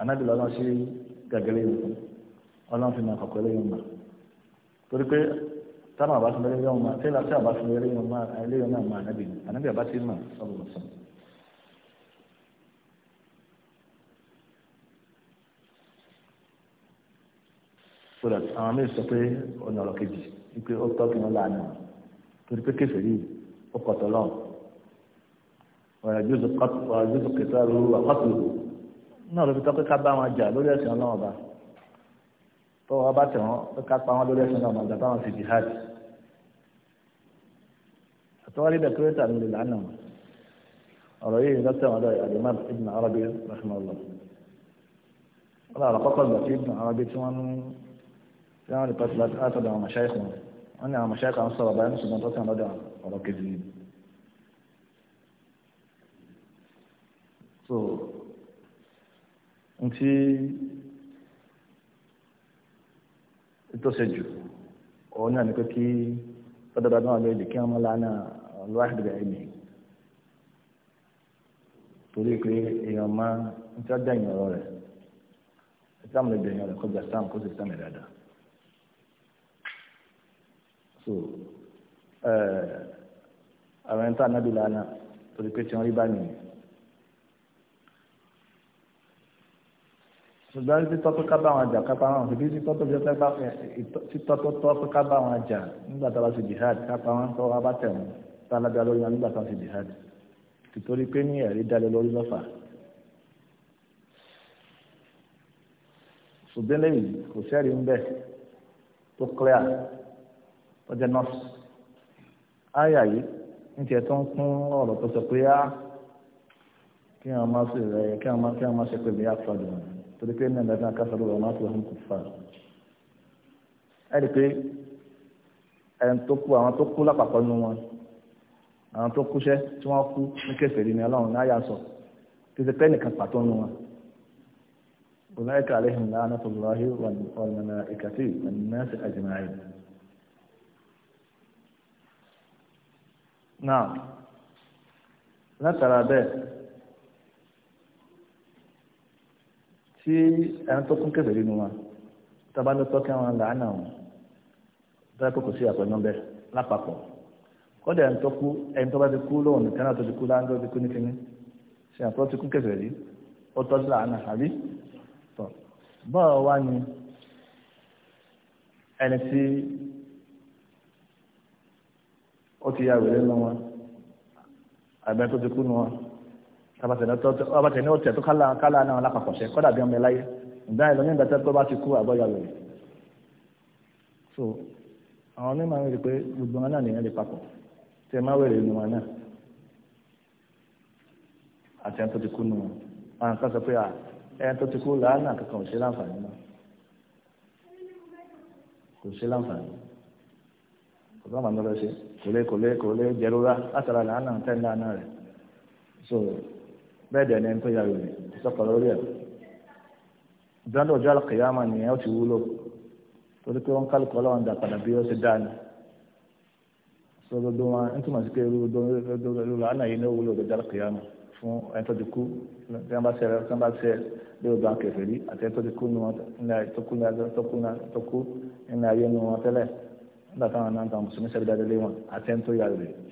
Speaker 1: anábì lọ́nà sí gàgẹ́rẹ́ yìí ọlọ́run fi máa kọ̀kọ́ lẹ́yìn mà torí pé táwọn àbá ti mẹ́rin yọ̀ mà tẹ́lá tí àbá ti mẹ́rin yọ̀ mà ẹlẹ́yìn náà mà anábì anábì àbá ti mà sọ̀rọ̀ sọ̀rọ̀. sọ̀rọ̀ àwọn míì sọ pé ọ̀nà ọ̀rọ̀ kejì wípé ó tọ́ kí wọ́n láàánú torí pé kéfèé yìí ó kọ̀tọ̀ lọ́wọ́ ọ̀rọ̀ àjọsọ kẹta lóru àkọ́tù lóru náà ló fi tọ́pẹ́ ká bá wọn jà lórí ẹ̀sìn ọlọ́run ọba tọ́wọ́ ọba tẹ̀ wọ́n pé ká pa wọn lórí ẹ̀sìn ọlọ́run ọba táwọn fi jihad àtọ́wárí bẹ̀ kúrẹ́tà ló lè lánàá wọn ọ̀rọ̀ yìí ló tẹ̀ wọ́n lọ àdìmọ́ ibn arabi rahimahullah wọn làwọn kọ́kọ́ gbà sí ibn arabi tí wọ́n tí wọ́n rí pàtó látọ̀dọ̀ àwọn mọ̀ṣáìkù wọn ní àwọn mọ̀ṣáìkù onye ìtọ́sẹ̀jù ọ̀hún náà ní pé kí fọ́dọ̀dọ̀ náà lóye kí wọ́n lánà lọ́wọ́dì bẹ̀rẹ̀ mi torí pé èèyàn máa ń tí wọ́n dá ìyàn ọ̀rọ̀ rẹ̀ ìsáàmù lè bẹ̀rẹ̀ rẹ̀ kọjá sáàmù kó sì sáàmù dáadáa so àwọn ẹni tá a nábì torí pé tí wọ́n rí bá nìyẹn. ṣùgbọ́n títọ́ tó ká bá wọn jà kápá wọn ṣùgbọ́n títọ́ tó jẹ́ kápá títọ́ tó tọ́ tó ká bá wọn jà nígbà tá a bá ṣe jihad kápá wọn tọ́ wa bá tẹ̀ wọn tá a lágbá lórí wọn nígbà tá a ṣe jihad tìtorí pé ní ẹ̀rí dalẹ̀ lórí lọ́fà. ṣùgbọ́n lẹ́yìn kò sẹ́rí ń bẹ̀ tó clear tó jẹ́ nọ́ọ̀sì. àyà yìí ń tiẹ̀ tó ń kún ọ̀rọ̀ tó sọ pé á kí wọn má ṣe rẹ̀ kí wọn má ṣe pé bí á fọdùn torí pé ní ẹ̀dá kásán lọ́wọ́ máa tó ọ̀hún kò fà ẹ̀rí pé ẹni tó kú àwọn tó kú lápapọ̀ nínú wọn àwọn tó kúṣẹ́ tí wọ́n kú ní kẹfẹ́rí ni ọlọ́run náà yà sọ títí pé nìkan pàtó nínú wọn. أولئك عليهم لعنة الله والملائكة والناس أجمعين نعم نترى به tí ẹni tó kún kẹfẹ́ nínú wọn tó bá ló tọ́ kí wọn là á nà wọn tó yẹ kó kò sí àpẹẹrẹ náà bẹ́ẹ̀ lápapọ̀ kọ́dà ẹni tó kú ẹni tó bá ti kú lóhùn nìkan náà tó ti kú láńdọ́ ti kú ní kínní ṣe àpọ́ ti kún kẹfẹ́ rí ó tọ́ sí làánà àbí tọ́ bọ́ọ̀ wá ni ẹni tí ó ti ya wèrè nínú wọn àbẹ́ tó ti kú nínú wọn abatẹni ọtẹ tó kálá kálá náà lápapọ̀ṣẹ kọ́dà bí ọmọ ẹ láyé ìgbà ẹ lọ́yìn ìgbàtẹ́ tó bá ti kú àgbọ̀yà rẹ̀ so àwọn mímọ̀ rẹ̀ pé gbogbo wọn náà nìyẹn lè papọ̀ tí ẹ má wẹ̀rẹ̀ nù wọn náà àti ẹni tó ti kú nù wọn àwọn kan sọ pé ẹni tó ti kú làánà kankan ò ṣe láǹfààní náà kò ṣe láǹfààní kò bá màmú lọ ṣe kò lè kò lè kò lè jẹrora látara làánà tẹ́ńdà náà rẹ̀ so bẹ́ẹ̀ dẹ̀ ni ẹni tó yà wèrè sọ̀kọ̀ lórí ẹ̀ ìdáná ọjọ́ àlùkìyàmà nìyẹn ó ti wúlò torí pé wọ́n kálukọ́ lọ́wọ́n dà padà bí ó ṣe dá ni sọ gbogbo wọn ń túmọ̀ sí pé irú làánà yìí ní ó wúlò ọjọ́ àlùkìyàmà fún ẹni tó ti kú tí wọ́n bá ṣe ẹ̀rọ tí wọ́n bá ṣe bí ó bá ń kẹfẹ́ rí àti ẹni tó ti kú ní wọn tó kú ní ayé ní wọn tẹ́lẹ̀ nígbà táwọn náà ń ta mùsùlùmí sẹ́bi dáadé lé wọn àti ẹni tó yà rèé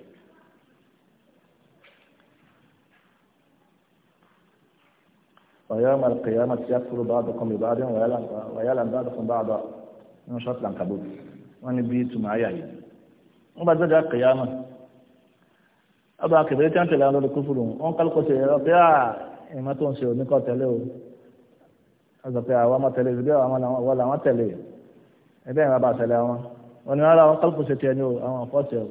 Speaker 1: ويوم القيامة يكفر بعضكم ببعض ويلعن بعضكم بعضا nínú ṣọ́ọ̀tì làǹkàbó wọ́n ní bí túmọ̀ ayà yìí wọ́n bá dọ́jà kìyàmù ọba kẹfẹ́ tí wọ́n tẹ̀lé àwọn olùkú fúru wọn kálukú ṣe ẹ̀rọ pé à ìmọ̀ tó ń ṣe òní kọ́ tẹ́lẹ̀ o wọ́n sọ pé àwọn ọmọ tẹ̀lé ìbí àwọn wọ́n làwọn tẹ̀lé ẹgbẹ́ ìwọ̀n bá tẹ̀lé wọn wọn ni wọ́n ra wọn kálukú ṣe tiẹ̀ ní o àwọn ọ̀fọ́ tẹ̀ o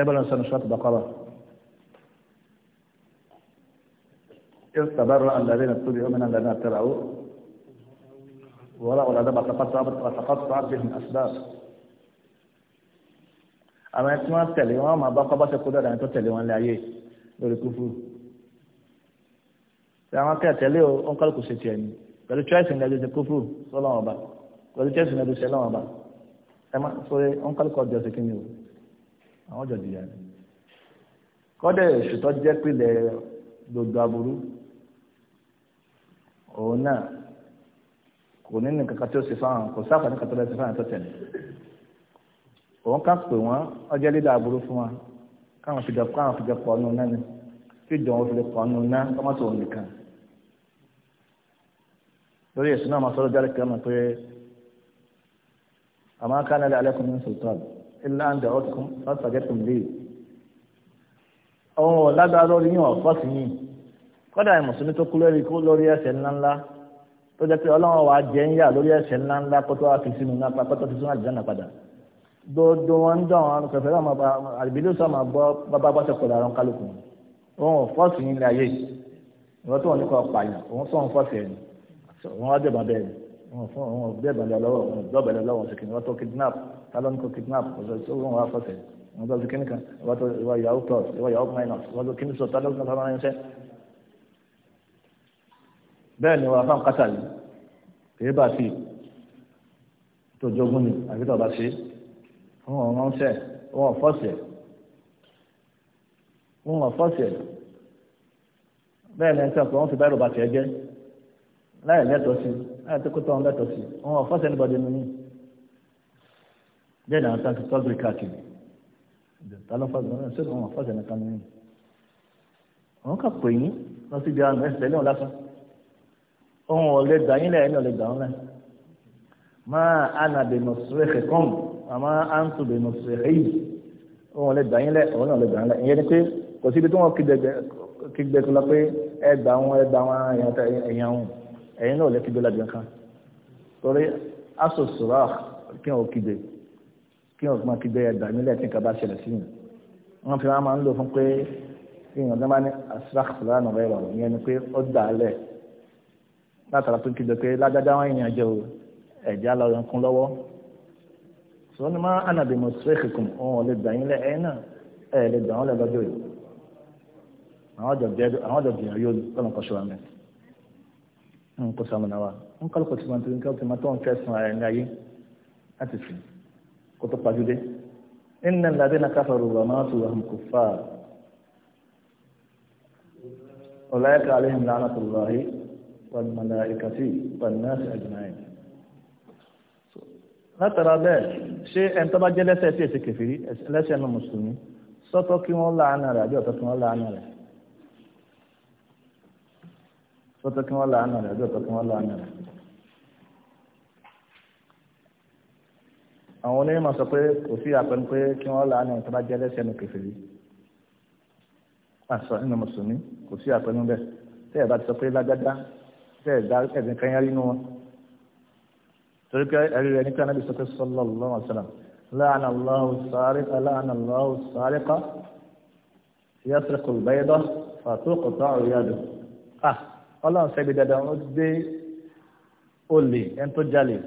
Speaker 1: ẹgbẹ́rún sọ́nù ṣọ́ọ̀tù bàkọ́rọ̀ استبرأ الذين اتبعوا من الذين اتبعوا ورأوا العذاب وتقطعت بهم الأسباب àwọn ẹni tí wọ́n tẹ̀lé wọn máa bá kọ́bọ́sì kó dọ̀dà ẹni tó tẹ̀lé wọn lé ayé lórí kúfú tí àwọn kẹ́ tẹ̀lé o ó ń kọ́lù kò ṣe tiẹ̀ ni pẹ̀lú choice ní ẹjọ́ ti kúfú sọ́lọ́wọ́n ọba pẹ̀lú choice ní ẹjọ́ ti ẹlọ́wọ́n ọba ẹ má sọ pé ó ń kọ́lù kọ́ ọjọ́ sí kí ni àwọn jọ jìyà kọ́dẹ̀ ṣùtọ́ jẹ́ pínlẹ̀ gbogbo aburú òun náà kò ní nǹkan tí ó ṣe fáwọn kò sáfà nǹkan tó lọ sí fáwọn tó tẹ̀lé òun ká pè wọ́n ọjọ́ lídà aburú fún wa káwọn fi jọ káwọn fi jọ pọ̀ ọ́nù náà ni kí ìjọ wọn fi pọ̀ ọ́nù náà nìkan lórí jáde ilá ń dà ọ́tún lọ́sàgẹ́tùm lè ọ̀hún ọ̀lágbá lórí yín ọ̀fọ́sì yín kọ́dà mùsùlùmí tó kú lórí kú lórí ẹ̀ṣẹ̀ ńláńlá tó jẹ́ pé ọlọ́run wa jẹ́ ń yà lórí ẹ̀ṣẹ̀ ńláńlá kó tó wá fi sínú náà pátá fi sínú àjẹ́nà padà gbogbo wọn ń dán àwọn kẹfẹ́ náà àbílẹ̀ sọ ma gbọ́ bábá bá ṣẹkọ̀ọ́ àrùn kálukú òun ọ̀fọ́sì yín láyé ìwọ́n tó wọn ní kọ́ pààyàn òun tó wọn fọ́sì ẹ̀ ni òun wá dẹ̀bà bẹ́ẹ̀ ni òun fún òun dẹ̀bà lọ́wọ́ òun dọ́bẹ̀ lọ́wọ́ òun sì kì talon ko kidnap ọ̀sẹ̀ tó wọ́n wá fọ́sẹ̀ wọ́n tó kíní kan wọ́n tó ìwà yahoo plus ìwà yahoo minus wọ́n tó kíní sọ talon kan fara ẹ̀ṣẹ́. bẹ́ẹ̀ ni wọ́n afáàn kátà yìí kìí bá sí tó jogún ni àbí tó bá ṣe wọ́n wọ́n ránṣẹ́ wọ́n fọ́sẹ̀ wọ́n fọ́sẹ̀ bẹ́ẹ̀ ni ẹ̀ṣẹ́ ọ̀pọ̀ wọ́n fi báyìí rò bàtì ẹ̀jẹ̀ láì lẹ́tọ̀ọ́ sí láì tó kó tọ́ wọn lẹ́tọ̀ọ́ sí wọ́n fọ́sẹ̀ de nínú bẹ́ẹ̀ ni àwọn tá a ti tọ́jú káàkiri tálọ́fàgbọ́n náà ṣé àwọn àfọ́sẹ̀ nìkan ní àwọn kà pè yín lọ síbi àwọn ẹsẹ̀ lẹ́yìn lásán ohun ọ̀lẹ́ gbà yín lẹ́yìn ọ̀lẹ́ gbà wọn lẹ́yìn máa ànà bẹ̀nà sùrẹ́kẹ̀ kọ́m àmọ́ à ń tún bẹ̀nà sùrẹ́kẹ̀ yìí ohun ọ̀lẹ́ gbà yín lẹ́yìn ọ̀lẹ́ gbà wọn lẹ́yìn ìyẹn ni pé kò síbi tí wọ́n kígbe tó lọ pé ẹ gbà wọn ẹ gbà wọn ẹ̀yàn wọn ẹ̀yìn náà ọ̀lẹ́ kígbe lábẹ́ kan torí asòsòrò kí wọn kígbe kí wọn kúmọ kí gbẹyà gbà nílẹ̀ tí nǹkan bá ṣẹlẹ̀ sí yìí wọn fi wọn máa ń lò fún pé èèyàn tó máa ní asrak fúlànà ọ̀rọ̀ ìrọ̀rùn yẹn ni pé ó dà á lẹ̀ látara tó kíjọ pé ládájá wọn èèyàn jẹ o ẹ̀já lọ yẹn kún lọ́wọ́ sọ ni máa ànàbì mọ̀sírẹ́kì kùn òun ò lè gbà yín lẹ̀ ẹ̀ náà ẹ̀ lè gbà wọn lẹ̀ lọ́jọ́ yìí àwọn ọjọ́ bìyàn yóò lọ́nà kọ́ṣọ́ wa mẹ́rin ń kó sàmùnà wa ń kọ́lùkọ́ tí wọ́n ti ń kọ́ tí wọ́n tó ń fẹ́ sun ara ẹni ayé láti sìn. kó tó pajú dé innal ladina kafaru wa matu wa hum kuffar ulaika alaihim la'natullahi wal malaikati wan nas ajma'in látara bẹ́ẹ̀ ṣé ẹni tó bá jẹ́ lẹ́sẹ̀ sí èsì kẹfìrí lẹ́sẹ̀ ẹnu mùsùlùmí sọ́tọ́ kí wọ́n láàánú rẹ̀ àbí ọ̀tọ̀ kí wọ́n láàánú rẹ̀ sọ́tọ́ kí wọ́n láàánú rẹ̀ àbí ọ̀tọ̀ kí wọ́n láàánú rẹ̀. àwọn onímọ̀ sọ pé kò sí àpẹẹrẹ pé kí wọ́n làánà tó bá jẹ́ lẹ́sẹ̀ ní kẹfìrí àṣọ nínú mùsùlùmí kò sí àpẹẹrẹ bẹ́ẹ̀ tẹ́ ẹ̀ bá ti sọ pé lágbádá tẹ́ ẹ̀ dá ẹ̀sìn kan yára wọn torí pé ẹ̀rí rẹ̀ ní pé anábì sọ pé sallallahu alaihi wasallam la'ana Allahu sariqa la'ana Allahu sariqa yasriqu al-bayda fatuqta'u yaduhu ah ọlọ́run sẹ́gbẹ̀dàdà ó dé olè ẹni tó jalè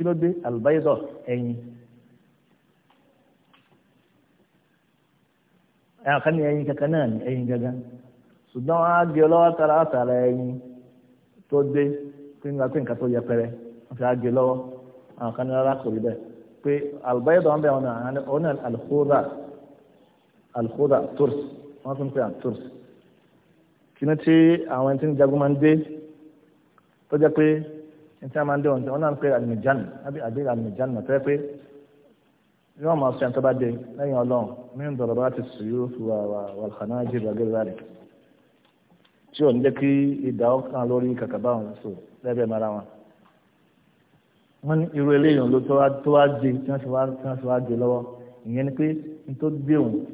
Speaker 1: kí ló dé albaidọ ẹyin àkàn ní ẹyin kankan náà ní ẹyin gangan ṣùgbọ́n wọn á gé lọ́wọ́ tara àtàrà ẹyin tó dé pé nǹkan pé nǹkan tó yẹpẹrẹ wọn fi á gé lọ́wọ́ àwọn kan ní rárá kò rí bẹ́ẹ̀ pé albaidọ ń bẹ wọn náà wọn náà alkhuda tún pè à turs kí ni tí àwọn ẹni tí ń jagun máa ń dé tó jẹ́ pé tí a máa ń dé wọn tí wọn náà ń pè àlùmíjánì àbí àbí àlùmíjánì náà tẹ́ pé yóò máa sọ ẹ̀ńtọ́ bá dé lẹ́yìn ọlọ́run mẹ́rin dọ̀rọ̀ bá ti sùn yóò fi wà kàná jì lọ́gẹ́rẹ́ rẹ̀ tí ò ní jẹ́ kí ìdá ọkàn lórí kàkà báwọn sọ lẹ́bẹ̀ẹ́ mara wọn. wọ́n ní irú eléyìí ló tó wá dé tí wọ́n fi wá dé lọ́wọ́ ìyẹn ni pé n tó gbé òun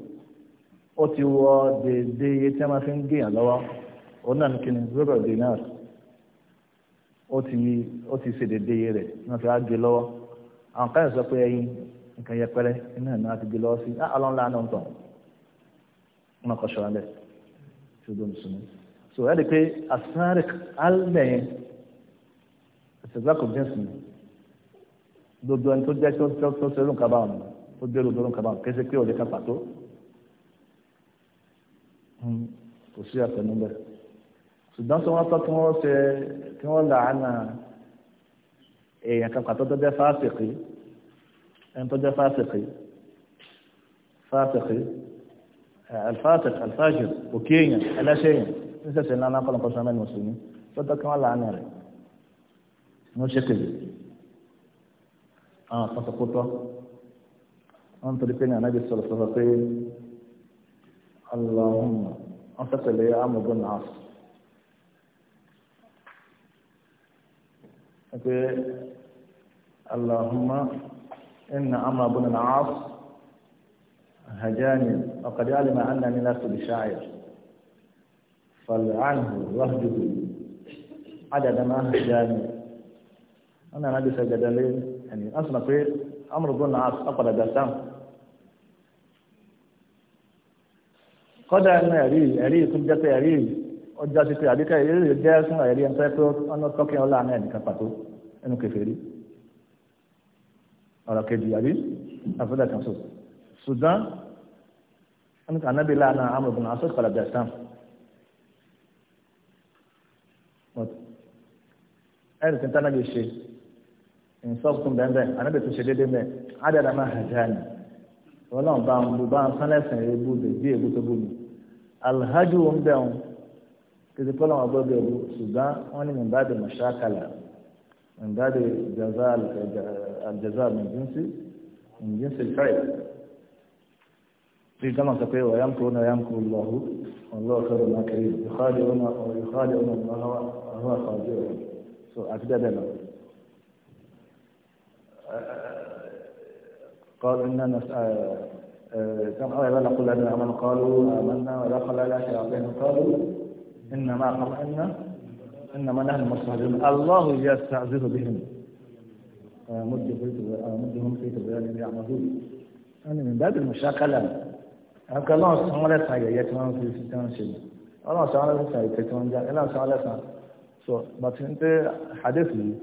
Speaker 1: ó ti wọ déédéé tí wọ́n fi ń gé yàn lọ́wọ́ òun náà ní kíni ó ti ó ti ṣe déédéé rẹ̀ wọ́n fi wá gé lọ́wọ́ àwọn kan yẹn sọ pé ẹyin nǹkan yẹpẹrẹ iná ẹ̀ náà ti gé lọ́wọ́ sí i ah, ọlọ́run lánàá ń tàn wọn kọ ṣọ́ra lẹ̀ tí ó dó mùsùlùmí so ẹ̀ rí i pé asarik almẹ̀yìn ìṣègbàkùn jẹ́sìn gbogbo ẹni tó jẹ́ tó tó ṣerú nǹkan báwọn tó dérò dóró nǹkan báwọn kése pé òde kan pàtó hmm, kò sí àtẹnubẹ́ẹ́. ṣùgbọ́n tí wọ́n tọ́ tí wọ́n ṣe tí wọ́n là á na èèyàn kan pàtó tó jẹ́ fásitì ẹni tó jẹ́ fásitì fásitì alifásitì alifásitì òkè èèyàn ẹlẹ́ṣẹ̀ èèyàn ní sẹ̀sẹ̀ ní aná kọ́nà kọ́sọ́ mẹ́rin mùsùlùmí tó tọ́ kí wọ́n là á na rẹ̀ ní wọn ṣe kéde àwọn àpàtàkùtọ́ wọ́n tó di pé ní anábì sọ̀rọ̀ sọ̀rọ̀ pé Allahumma wọ́n fẹ́ pẹ̀lú amúgbọ́n náà sọ̀rọ̀. اللهم إن عمر بن العاص هجاني وقد علم أنني لست بشاعر فلعنه وهجه عدد ما هجاني أنا ما بس جدلي يعني أصلا في عمر بن العاص أقرأ دسام قد أن أريد أريد كنت أريد ọjà ṣe pé àbíkẹ́ eré jẹ́ sún àìrí ẹni pẹ́ pé ọ̀nà tọ́kẹ́ ọlá náà nìkan pàtó ẹnu kèfèrí ọ̀rọ̀ kejì àbí àfẹ́lẹ̀ kan so ṣùgbọ́n ẹni kan anábì láàánú àmọ̀ ìbùnà aṣọ ìpàdàbí ẹ̀sán ẹ̀rì tí ń tánábì ṣe ìṣọ́ọ̀kù tún bẹ́ẹ̀ bẹ́ẹ̀ anábì tún ṣe déédéé bẹ́ẹ̀ ádàdà máa hàn jáà ní ọlọ́run bá ń bu bá ń sánlẹ̀sìn èébú bèbí èébú tó bú mi alhaji wo ń bẹ̀ wọn títí kọ́ lọ́wọ́ gbọ́dọ̀ ewu ṣùgbọ́n wọ́n ní mùbádì mọ̀ṣákàlà mùbádì àjẹsà mùjínsì mùjínsì fẹ́ẹ̀. في كما سقي ويمكرون ويمكر الله والله خير الماكرين يخادعون ويخادعون الله وهو خادعهم سو أكدد له قالوا إنا نس كم أول قل أن قالوا آمنا ودخل على شياطين قالوا إنما قال إن إنما نحن مستهزئون الله يستعزز بهم آه، مدهم في تبيان يعمدون أنا من باب المشاكلة أبقى الله سبحانه ولا تعالى يتمام في ستان شيء الله سبحانه ولا تعالى يتمام جاء الله سبحانه ولا سو ما تنت حدثي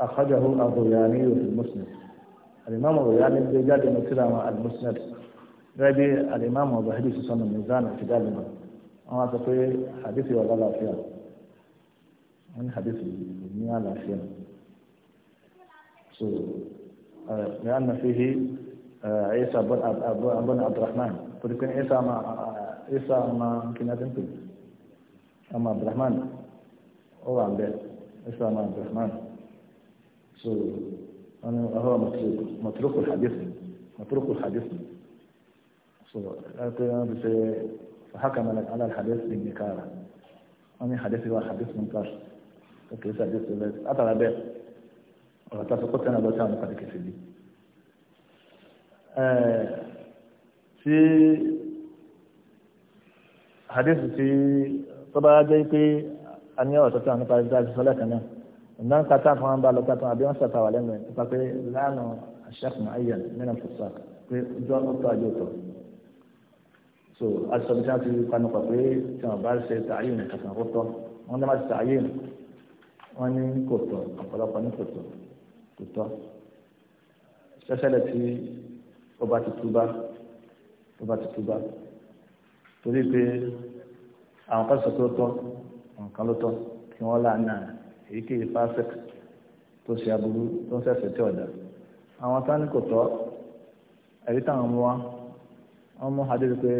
Speaker 1: أبو الضياني في المسند الإمام أبو الضياني بيجاد مسلم المسند ربي الإمام أبو في سنة ميزان في منه wọ́n á sọ pé àdìsí ọ̀la làáfíà wọ́n ní àdìsí ní àlàáfíà so ní àná fi hí Isa abọ́n Abdulrahman torí pé Isa ma eh, Isa ma kìnnìkan pè ama Abdulrahman ó wà ń bẹ Isa ma Abdulrahman so wọ́n ní ọ̀họ́ mọ̀tòrókò hadith mọ̀tòrókò hadith so ẹ pé wọ́n ti ṣe. وحكم على الحديث بالنكارة ومن حديث هو حديث منكر وكيس حديث بيت أترى بيت وتسقط أنا بس أنا قد كسبي في حديث في طبعا جاي في أن يوم تسعة أنا قد جالس فلا كنا نان كاتا فان بالو كاتا أبي أنسى تاولين تبقى لانه الشيخ معين من الفساق في جو أطاجوتو so aṣọ bí wọ́n ti panu pọ̀ pé tí wọ́n bá ṣe tààyè nìkan kan kó tọ́ wọ́n dá má ti tààyè wọ́n ní kò tọ́ ọ̀pọ̀lọpọ̀ ní kò tọ́ kò tọ́ ṣẹ́ṣẹ́lẹ̀ tí ọba ti túbá ọba ti túbá torí pé àwọn kan sọ pé ó tọ́ àwọn kan ló tọ́ kí wọ́n lànà èyíkéyìí pásẹ̀kì tó ṣe aburú tó ń ṣẹ̀ṣẹ̀ tí ọ̀dà àwọn táwọn ní kò tọ́ ẹ̀rí táwọn mú wa wọ́n mú hadith pé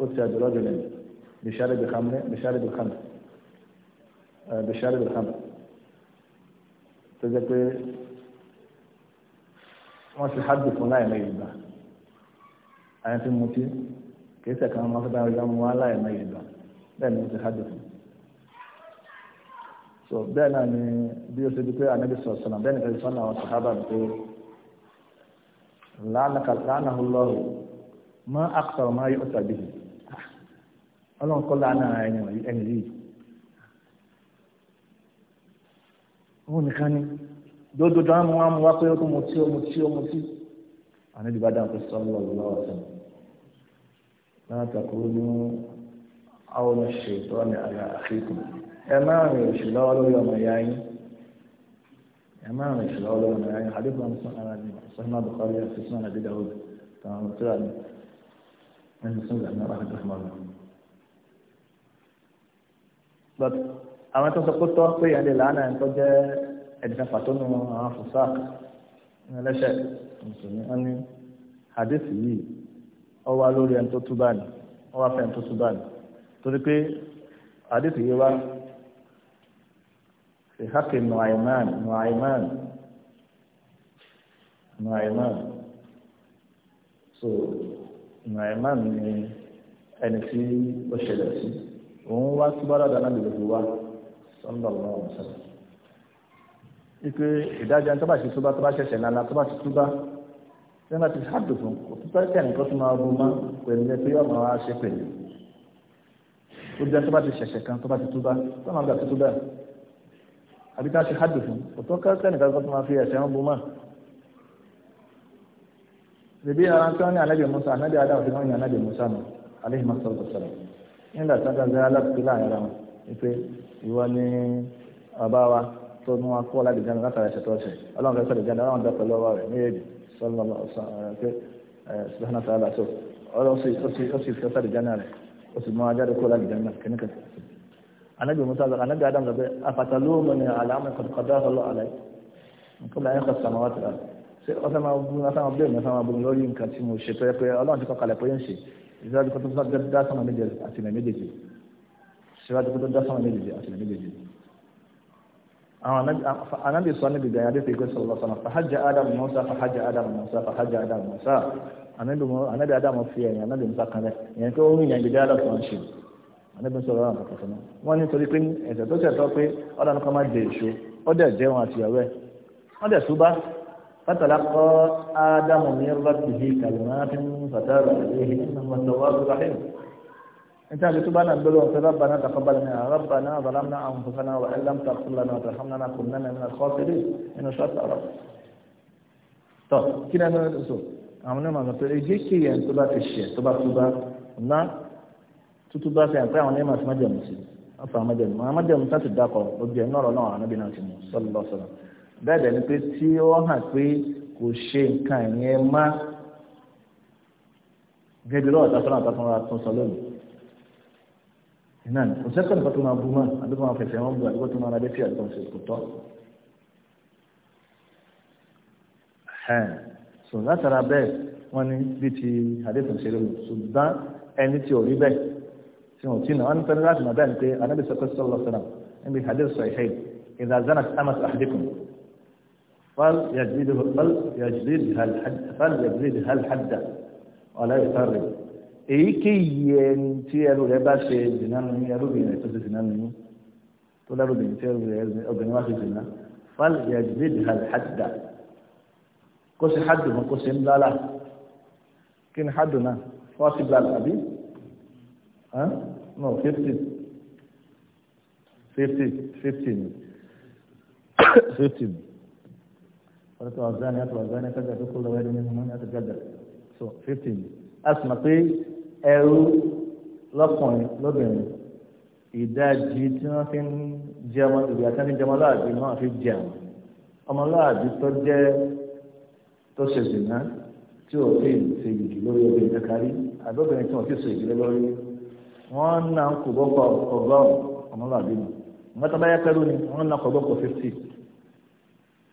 Speaker 1: ó ti àjọ lọ́dún lẹ́yìn bishari bilhamri bishari bilhamri bishari bilhamri tó jẹ́ pé wọ́n ti hadith fún láì mẹ́yìn gbà àyàn tí mo ti kìí sẹ̀ka wọn fẹ́ dáhùn ìyá mu wá láì mẹ́yìn gbà bẹ́ẹ̀ ni wọ́n ti hadith fún so bẹ́ẹ̀ náà ni bí o ṣe di pé anabi sọ̀rọ̀ sọ̀nà bẹ́ẹ̀ ni ẹ̀rí sọ́nà àwọn sàhábà pé lánàá lánàá lọ́rùn mọ àkàtà máa yọ ọ̀tà bìí ọlọ́run kọ́ lánà ẹni yìí òun nìkan ni dododo àwọn ọmọ wa pé ó tún mo tí ó mo tí ó mo tí àní ìdìbò àdàn kò sọ lọ lọ ọsàn látàkùrú ní àwọn ṣètò ní àlà àfikún ẹ máa rìn òṣù lọ́wọ́ lórí ọmọ ìyá yín ẹ máa rìn òṣù lọ́wọ́ lórí ọmọ ìyá yín àdéhùn àwọn sọ́nà àdìmọ̀ sọ́nà àbùkọ́rí àti sọ́nà àdìdáwò tàwọn tó rà ní ẹni sọ̀rọ̀ ní ọ̀rọ̀ àti ìmọ̀ràn. but àwọn tó sọ pé tọ́ pé ìyá lè lánà ẹ̀ tó jẹ́ ẹ̀dínlẹ̀ pàtó nù àwọn fòsáàk ẹlẹ́ṣẹ̀ mùsùlùmí wọn ní hadith yìí ó wá lórí ẹni tó túbà ní ó wá fẹ́ ẹni tó túbà ní torí pé hadith yìí wá في حق نعيمان نعيمان نعيمان so Nu'aiman ni ẹni tí ó ṣẹlẹ̀ sí òun wá sí bọ́lọ́dà náà lè fi wá sọ́ńdọ̀lọ́ ọ̀sán. ipe ìdájọ́ ẹni tó bá ṣe túbá tó bá ṣẹ̀ṣẹ̀ nana tó bá ṣe túbá tí wọ́n bá ti ṣáàdùn fún kò tó tẹ́tẹ́ nǹkan tó máa rúmọ́ pẹ̀lú ẹni pé ọmọ wa ṣe pẹ̀lú. ó jẹ́ tó bá ti ṣẹ̀ṣẹ̀ kan tó bá ti túbá tó gbà tó túbá àbí ṣe ṣáàdùn fún kò tó nǹkan tó máa fi ẹ̀ṣẹ̀ ń rúmọ́ bèbí ara tí wọ́n ní anabi musa anabi adam tí wọ́n ní anabi musa nù aleyhi masu ọ̀sọ̀ sọ̀rọ̀ nígbà tí wọ́n gbàgbé aláàbùkú láàrin ara wọn wípé ìwọ ní bàbá wa tó ní wọn kó aládìjá ní látara ẹsẹ̀ tó ṣe ọlọ́run fẹ́ sọ̀rọ̀ ìjàndá ọlọ́run dá pẹ̀lú ọwọ́ rẹ̀ ní èdè sọ́lọ́lọ́ ọ̀sán pé subahana sàlá tó ọlọ́run sì fẹ́ sọ̀rọ̀ ìjàndá rẹ̀ ó sì mọ ajáde kó aládìjá náà kìnnìkan anabi musa zaka anabi adam zaka afatalóhùn ní alámọ̀ kọ̀dọ̀kọ̀dọ̀ ọlọ́ ọ̀sán máa bú ọ̀sán máa bẹ̀rẹ̀ ọ̀sán máa bú lórí nǹkan tí mo ṣe pé pé ọlọ́run ti kọ́ kalẹ̀ pé yẹn ṣe ìṣíwájú kó tó dá sọ́mọ méjèèjì àti ilẹ̀ méjèèjì ìṣíwájú kó tó dá sọ́mọ méjèèjì àti ilẹ̀ méjèèjì. àwọn anábì sọ níbi ìgbà yàrá ìfẹ́ sọ̀rọ̀ lọ́sọ̀nà fàájà ádámù mọ́sá fàájà ádámù mọ́sá fàájà ádámù mọ́sá anábì ádámù fi ẹ̀yìn anábì mọ́sá kan rẹ̀ ìyẹn tó ń yàn gbèdé ádámù kan ṣe anábì sọ̀rọ̀ àwọn kọ̀ọ̀kan náà wọ́n فتلقى آدم من ربه كلمات فتاب عليه إنه التواب الرحيم انت اللي تبانا انت ربنا تقبلنا ربنا ظلمنا أنفسنا وإن لم تغفر لنا وترحمنا لنكونن من الخاسرين إن شاء الله رب طب كنا نقول الأصول عملنا ما نقول إيجي كي ينتبه في الشيء تبا تبا نا تتبا في أنت يعني، عمنا ما اسمه جمسي أفهم جمسي ما مجمسي تدقوا ربي النور الله على نبينا صلى الله عليه وسلم dáadáa ni pé tí ó hàn pé kò ṣe nǹkan yẹn má gẹ́gẹ́ bí lọ́wọ́ ìtàkùn àtàkùn ra tún sọ lónìí ìnáà kò sẹ́kọ̀ọ́ nípa tó máa bú mọ́ àdúgbò máa fẹ̀fẹ̀ wọn bú àdúgbò tó máa rábẹ́ tí àdúgbò ṣe kò tọ́. sọ látara bẹ́ẹ̀ wọ́n ní bí ti àdéhùn ṣe lónìí ṣùgbọ́n ẹni tí ò rí bẹ́ẹ̀ tí wọ́n ti nà wọ́n fẹ́ẹ́ láti mọ̀ bẹ́ẹ̀ ni pé anábìsọ̀kọ̀ sọ̀rọ̀ sọ̀rọ̀ níbi àdéhùn sọ̀ ìṣe ìdàzánà àmàṣà àdéhùn فل يجلده فل يجلدها الحد فل يجلدها الحد ولا يفرق اي كي ينتير لباس جنان من يروي نفس جنان من تولا رودي ينتير وبن واحد جنان فل يجلدها الحد قص حد من قص لا لا كن حدنا فاسب لا أبي ها نو فيفتين فيفتين فيفتين فيفتين ọ̀rẹ́tọ̀ ọ̀zán yàtọ̀ ọ̀zán yàtọ̀ ọ̀zán tó kó lọ́wọ́ ẹni nínú wọn yàtọ̀ gẹ́gẹ́ so fifteen a pé ẹrú lọ́kùnrin lóbìnrin ìdajì tí wọ́n fi ń jẹun ìgbà tí wọ́n fi ń jẹun ọlọ́àbí náà fi jẹun ọmọlúwàbí tó jẹ́ tó ṣe dènà tí ò fi ṣe ìdí lórí obìnrin kankarí àbẹ́bìnrin tí wọ́n fi ṣe ìdí lórí wọ́n náà ń kó gbọ́kọ̀ ọgọ́rùn-ún ọmọlúwàbí náà mọ́tàbáyá pẹ́rú ni wọ́n náà kó gbọ́kọ̀ fifty.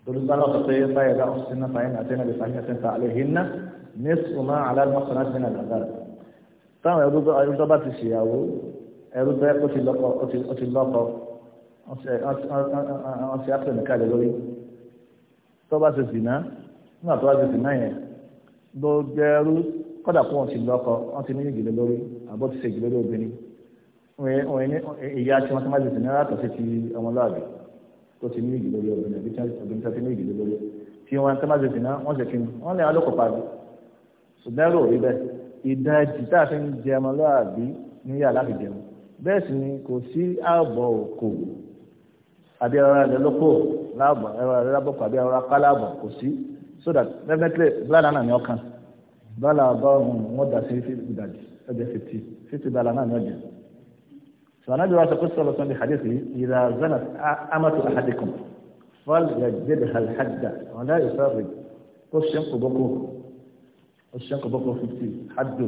Speaker 1: تقول الله تطيع فإذا أحسن فإن أتينا بفاحشة فعليهن نصف ما على المحصنات من العذاب táwọn ẹrú ẹrú tó bá ti ṣèyàwó ẹrú tó yẹ kó ti lọ́kọ ó ti lọ́kọ wọ́n ṣe ápẹ́ nìkalẹ̀ lórí tó bá ti zìnà nígbà tó bá ti zìnà yẹn gbogbo ẹrú kọ́dà kó wọ́n ti lọ́kọ wọ́n ti ní ìgbìlẹ̀ lórí àbọ̀ ti ṣe ìgbìlẹ̀ lórí obìnrin ìyá tí wọ́n ti má ti zìnà yàtọ̀ sí ti ọmọlúwàbí tó ti ní ìdílé lórí obìnrin àbí obìnrin tó ti ní ìdílé lórí tí wọn tẹ́ máa ṣe sìnà wọ́n ṣe kíni wọ́n lè alókò pàdé ṣùgbọ́n ẹ̀rọ òrí bẹ́ẹ̀ ìdajì tá a fi ń jẹ lọ́àbí níyà láti jẹun bẹ́ẹ̀ sì ni kò sí ààbọ̀ òkò àbí ara rẹ̀ lóko láàbọ̀ ẹ̀rọ rẹ̀ lábọ̀kọ̀ àbí ara pa láàbọ̀ kò sí so that definitely blada náà ni ọkàn blada ọgọ́rùn-ún wọ́n dà sí ìdajì ẹ̀jẹ̀ fifty fifty blada náà ni ọ̀jẹ̀ sọ̀nàbí wa sọ̀kú sọ̀rọ̀ sọ̀nbi hadith yìí ìdá zana amatu ahadikum fal yajid hal hadda wọn dá ìfẹ́ rẹ̀ ó ṣẹ́n kò bọ́kọ́ ó ṣẹ́n kò bọ́kọ́ fifty haddu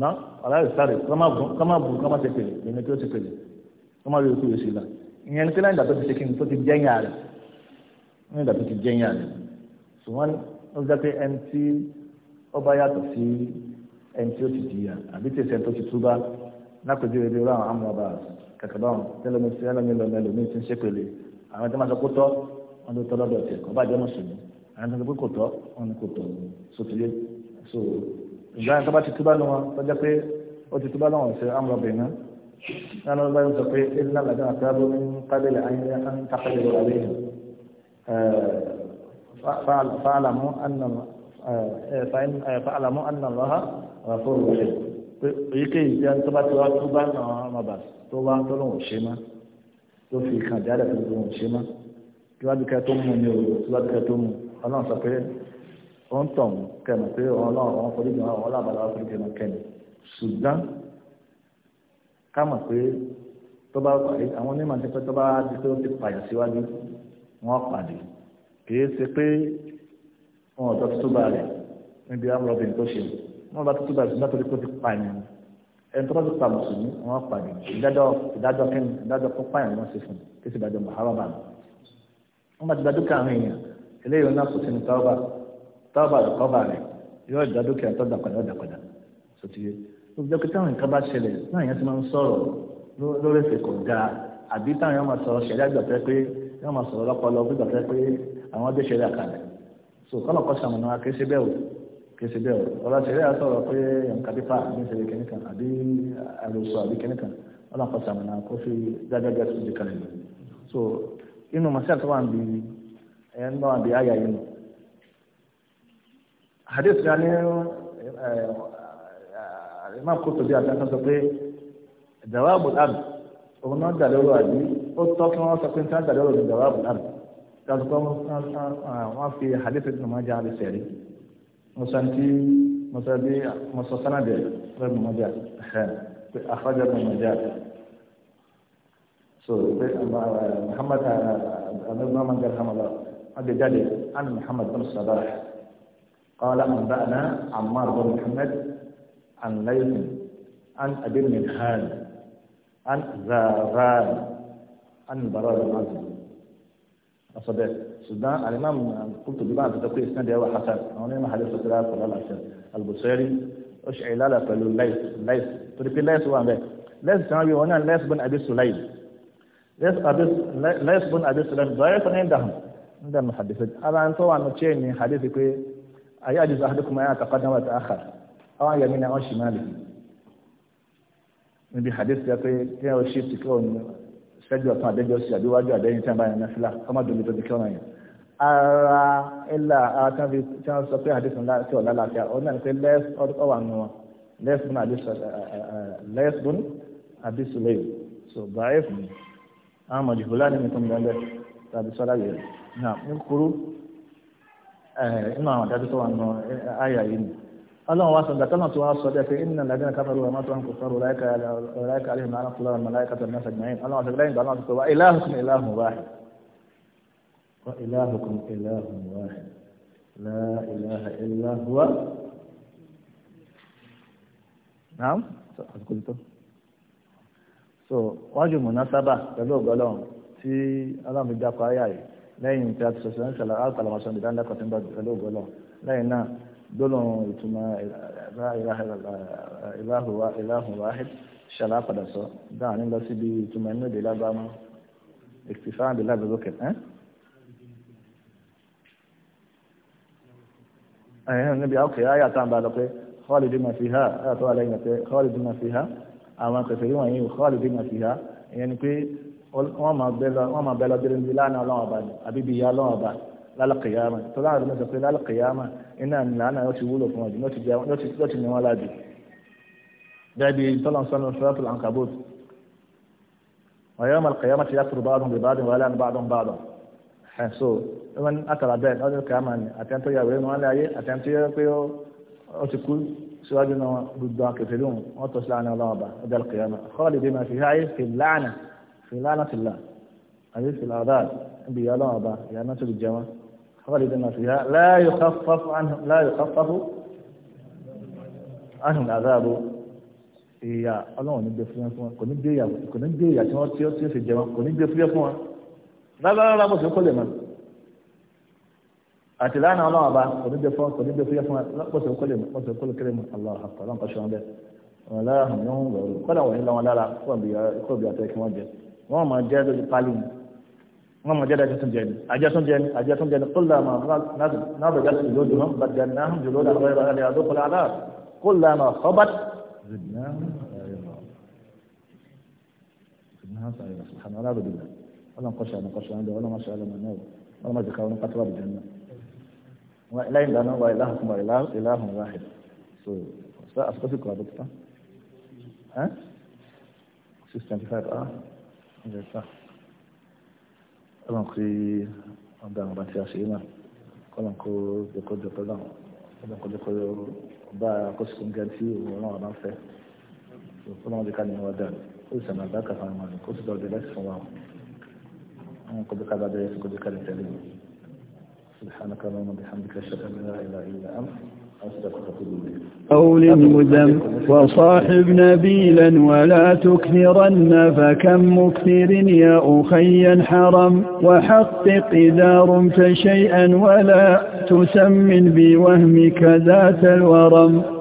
Speaker 1: na ọ̀la ìfẹ́ rẹ̀ kọ́má bù kọ́má ṣe pèlè lẹ́nu tó ṣe pèlè kọ́má rẹ̀ kú yòsì la ìyẹn ní kílánì dàtọ́ ti ṣe kí ni tó ti jẹ́yìn àrẹ̀ ní dàtọ́ ti jẹ́yìn àrẹ̀ ṣùgbọ́n ó jẹ́ pé ẹni tí ó bá yàtọ̀ sí ẹni tí ó ti jìyà àbí tẹ̀sẹ̀ tó ti túbá lápèjú rẹ̀ bí irú àwọn amúra bá kàkà báwọn tẹlẹmí sí ẹlẹmí lọmọ ẹlòmí ti ń ṣépele àwọn tó máa sọ kó tọ́ wọn ló tọ́ lọ́dọ̀ tẹ̀ kọ́ bá jẹ́ mùsùlùmí àwọn tó sọ pé kò tọ́ wọn kò tọ́ sotile so ìgbà yẹn tó bá ti túbá lọ wọn tó pé ó ti túbá lọ wọn ṣe amúra bẹ̀ náà náà lọ́dọ̀ sọ pé ẹ̀dínlá làdá àtàbó ní tábìlì àyìn فاعلموا أن فاعلموا أن الله غفور pé èyíkéyìí jẹ́ tó bá ti wá tó bá nà án ọmọ bà tó wá tó lòun ò ṣe má tó fi kàn jáde tó lòun ò ṣe má kí wọ́n dúkẹ́ tó mú ní òru kí wọ́n dúkẹ́ tó mú ọlọ́run sọ pé ó ń tàn kẹmọ̀ pé ọlọ́run ọ̀hún forí jẹun àwọn ọlọ́àbàlà wà forí jẹun kẹmọ̀ ṣùgbọ́n ká mọ̀ pé tó bá àwọn onímọ̀ ti pẹ́ tó bá di pé ó ti pààyàn síwájú wọ́n pàdé kì í ṣe pé wọn ò tọ́ tó bá rẹ̀ níbi amúlọ́bìn tó ṣe wọ́n bá tuntun báyìí látọ̀rí kó ti pa ẹ̀yìn ẹni tó bá ti pa mùsùlùmí wọ́n pa ẹ̀yìn ìdájọ́ ìdájọ́ kẹ́ni ìdájọ́ kó pa ẹ̀yìn wọ́n ṣe fún kí sì dájọ́ mọ̀hárọ́bà ni wọ́n bá ti dájú káàrin èèyàn eléyìí náà kò sínú táwọ́bà táwọ́bà rẹ̀ kọ́bà rẹ̀ yóò dájú kí ẹ̀tọ́ dàpadà dàpadà sotiye olùjọ́kí táwọn nǹkan bá ṣẹlẹ̀ náà yẹn ti máa ń sọ̀rọ̀ lórí ẹsẹ̀ kò dáa àbí táwọn yẹn máa sọ̀rọ̀ ṣẹlẹ̀ àgbàfẹ́ pé yẹn máa sọ̀rọ̀ lọ́pọ̀lọpọ̀ àgbàfẹ́ pé àwọn ọdẹ ṣẹlẹ̀ àkàlẹ̀ so kọ́lọ̀kọ́ sàmùnà akéṣe bẹ́ẹ̀ wò kìsì bẹ́ẹ̀ ọ̀rọ̀ ṣẹlẹ̀ àtọ̀rọ̀ pé nǹkan bí fa ní ìṣẹ̀lẹ̀ kìnní kan àbí àlòsọ àbí kìnní kan wọn náà pàṣẹ àmàna kó fi gágágá sí ìdí kan nìyẹn so inú masal tó wà ń bi ẹ̀yẹn náà wà ń bi àyà yìí nù hadith ya ni imam kótó bí àti akásọ pé dawabu ab òun náà dà lóru àbí ó tọ́ kí wọ́n sọ pé níta dà lóru ní dawabu ab dáàbò pé fi hadith ibn Majah àbí sẹ́rí. مسنتي مسابي مسوسنا بيل رب مجال خان أخرج رب مجال سو بيت محمد أمير ما من قال حمد أبي جدي عن محمد بن الصباح قال أنبأنا عمار بن محمد عن ليث عن أبي المدهان عن زاران عن برار العزم أصدق سودان الإمام قلت بما أنت تقول إسناد هو حسن أنا ما حدث سكرا فلا الحسن البصيري أش علالة فلو ليس ليس تريد ليس هو أمبي ليس سمعي هنا ليس بن أبي سليم ليس أبي ليس بن أبي سليم ضعيف عندهم عند المحدثين أنا أنت هو أنه شيء من حديثي كي أيأجز أحدكم أن يتقدم وتأخر أو أن يمين أو شماله من بحديث يقول كي أو شيء ṣẹ́jú ọ̀tún àdẹ́jọ́ sí àdéwájú àdẹ́yìn tí wọ́n bá yẹn náà fílà kọ́mọ́ dùn mí tó ti kí ọ̀nà yẹn. ara ẹ̀là ara tí wọ́n fi tí wọ́n sọ pé àdéhùn tí ọ̀la láàfíà ọ̀hún náà ni pé ọ̀wà nù wọn lẹ́sùn lẹ́sùn àbísùlẹ̀ so bàáyé fún mi àwọn mọ̀jùbọ́lá ní nìkan bẹ́ẹ̀ tàbí sọ́lá yẹn náà ní kúrú eh, inú àwọn àdájọ́ tó wà eh, ọlọ́run wá sọ̀dọ̀ tọ́nà tí wọ́n sọ dẹ́ pé ìnà lẹ́dínà káfàrú ọmọ tó ń kò sọ̀rọ̀ ọ̀láìka àlehùn náà kúlọ̀ ọmọ láìka tó mẹ́sà gbẹ̀yìn ọlọ́run sọ̀rọ̀ lẹ́yìn ìgbàlọ́run sọ̀rọ̀ wá ìlàhùn ìlàhùn wá ìlàhùn ìlàhùn wá la ilaha illa huwa. naam àsìkò tó so wọ́n jù múná sábà pẹ̀lú ọ̀gọ́lọ́run tí ọlọ́run fi dákọ̀ ayà yìí lẹ́yìn tí a ti sọ̀sọ̀ gbọ́dọ̀ ìtumọ̀ ìlàhùn wáhid ṣàlá padà sọ dáhùn nílọ síbi ìtumọ̀ inú ìdè lábámú ìfìfà àdè lábẹ́rẹ́ kẹtẹ́. ẹ̀yìn níbi àwọn kẹ̀yà ayà tán bá lọ pé khalidina fiha ayà tó wà lẹ́yìn pé khalidina fiha àwọn akẹ̀kẹ̀ yìí wọ̀nyí khalidina fiha ìyẹn ni pé wọ́n máa bẹ́ lọ bẹ́rẹ̀ ní lánàá ọlọ́wọ́ ọba àbíbi ìyá ọlọ́wọ́ ọba lálàkìyàmà tọ́lá àdúgbò sọ pé lálàkìyàmà iná ìlànà yóò ti wúlò fún ọdún yóò ti ní wọn láàbì dàbí tọ́lá sọ́nà sọ́tò àǹkàbọ̀t ọ̀yọ́ màlìkìyàmà ti yàtọ̀ báàdùn bí báàdùn wàhálà ní báàdùn báàdùn ẹ̀ so wọn àtàrà bẹ́ẹ̀ lọ́dún kìyàmà ni àtẹ̀ntẹ́ yàwé ní wọn láyé àtẹ̀ntẹ́ yẹ pé ó ti kú síwájú náà gbogbo akẹ́fẹ́lú wọn tó sílá ní ọlọ́wọ́ bá ọjọ́ kìyàmà kọ́ọ̀lì bí ma fi háyé fi láànà fi láànà ti là àbí fi làdá ibi ìyá ọlọ́wọ́ bá ìyá náà tó lè jẹ wọn. خالدين فيها لا يخفف عنهم لا يخفف عنهم العذاب ìyà ọlọ́run ní gbé fúyẹ́ fún wọn kò ní gbé ìyà kò ní gbé ìyà tí wọ́n tí ó tí ó fi jẹ wọn kò ní gbé fúyẹ́ fún wọn rárá bó ṣe kó lè mọ̀ àti lánà ọlọ́run ọba kò ní gbé fún wọn kò ní gbé fúyẹ́ fún wọn bó ṣe kó lè mọ̀ bó ṣe kó lè kéré mọ̀ aláwọ̀ àpò ọlọ́run kọ́ ṣe wọn bẹ́ẹ̀ wọn lára hàn yóò ń lọ kọ́dà wọ̀nyí lọ́wọ́ lára kó bí àtẹ́kí wọn jẹ wọ́n máa jẹ́ lórí pálí ni wọn mọ̀ jẹ́dá jẹ́tún jẹ́ni àjẹ́tún jẹ́ni àjẹ́tún jẹ́ni kúlàmà náàbẹ̀jẹ́ ìlójúhàn bàjẹ́náhùn jùlọ́dà rẹ̀rẹ̀ alẹ́ àdókòlá aláà kúlàmà ọbát zidnaahun 625 ah ọlọ́run kí wọ́n dá àwọn àti àṣírí náà kọ́lọ́n kó jẹ́kọ́ jẹ́kọ́ náà kọ́lọ́n kó jẹ́kọ́ bá akọ́sìkò ń gẹ́ntì òun ọlọ́run àbá ń fẹ́ kọ́lọ́n jẹ́ká ní wọ́n dà ó sì sàmì àbá kàfà wọn kó sì dọ̀dẹ̀ láti fún wa wọn kó jẹ́ká bá bẹ́ẹ̀ kó jẹ́ká lè tẹ̀lé سبحانك اللهم وبحمدك اشهد ان لا اله الا انت قول مذم وصاحب نبيلا ولا تكثرن فكم مكثر يا أخي حرم وحقق إذا رمت شيئا ولا تسمن بوهمك ذات الورم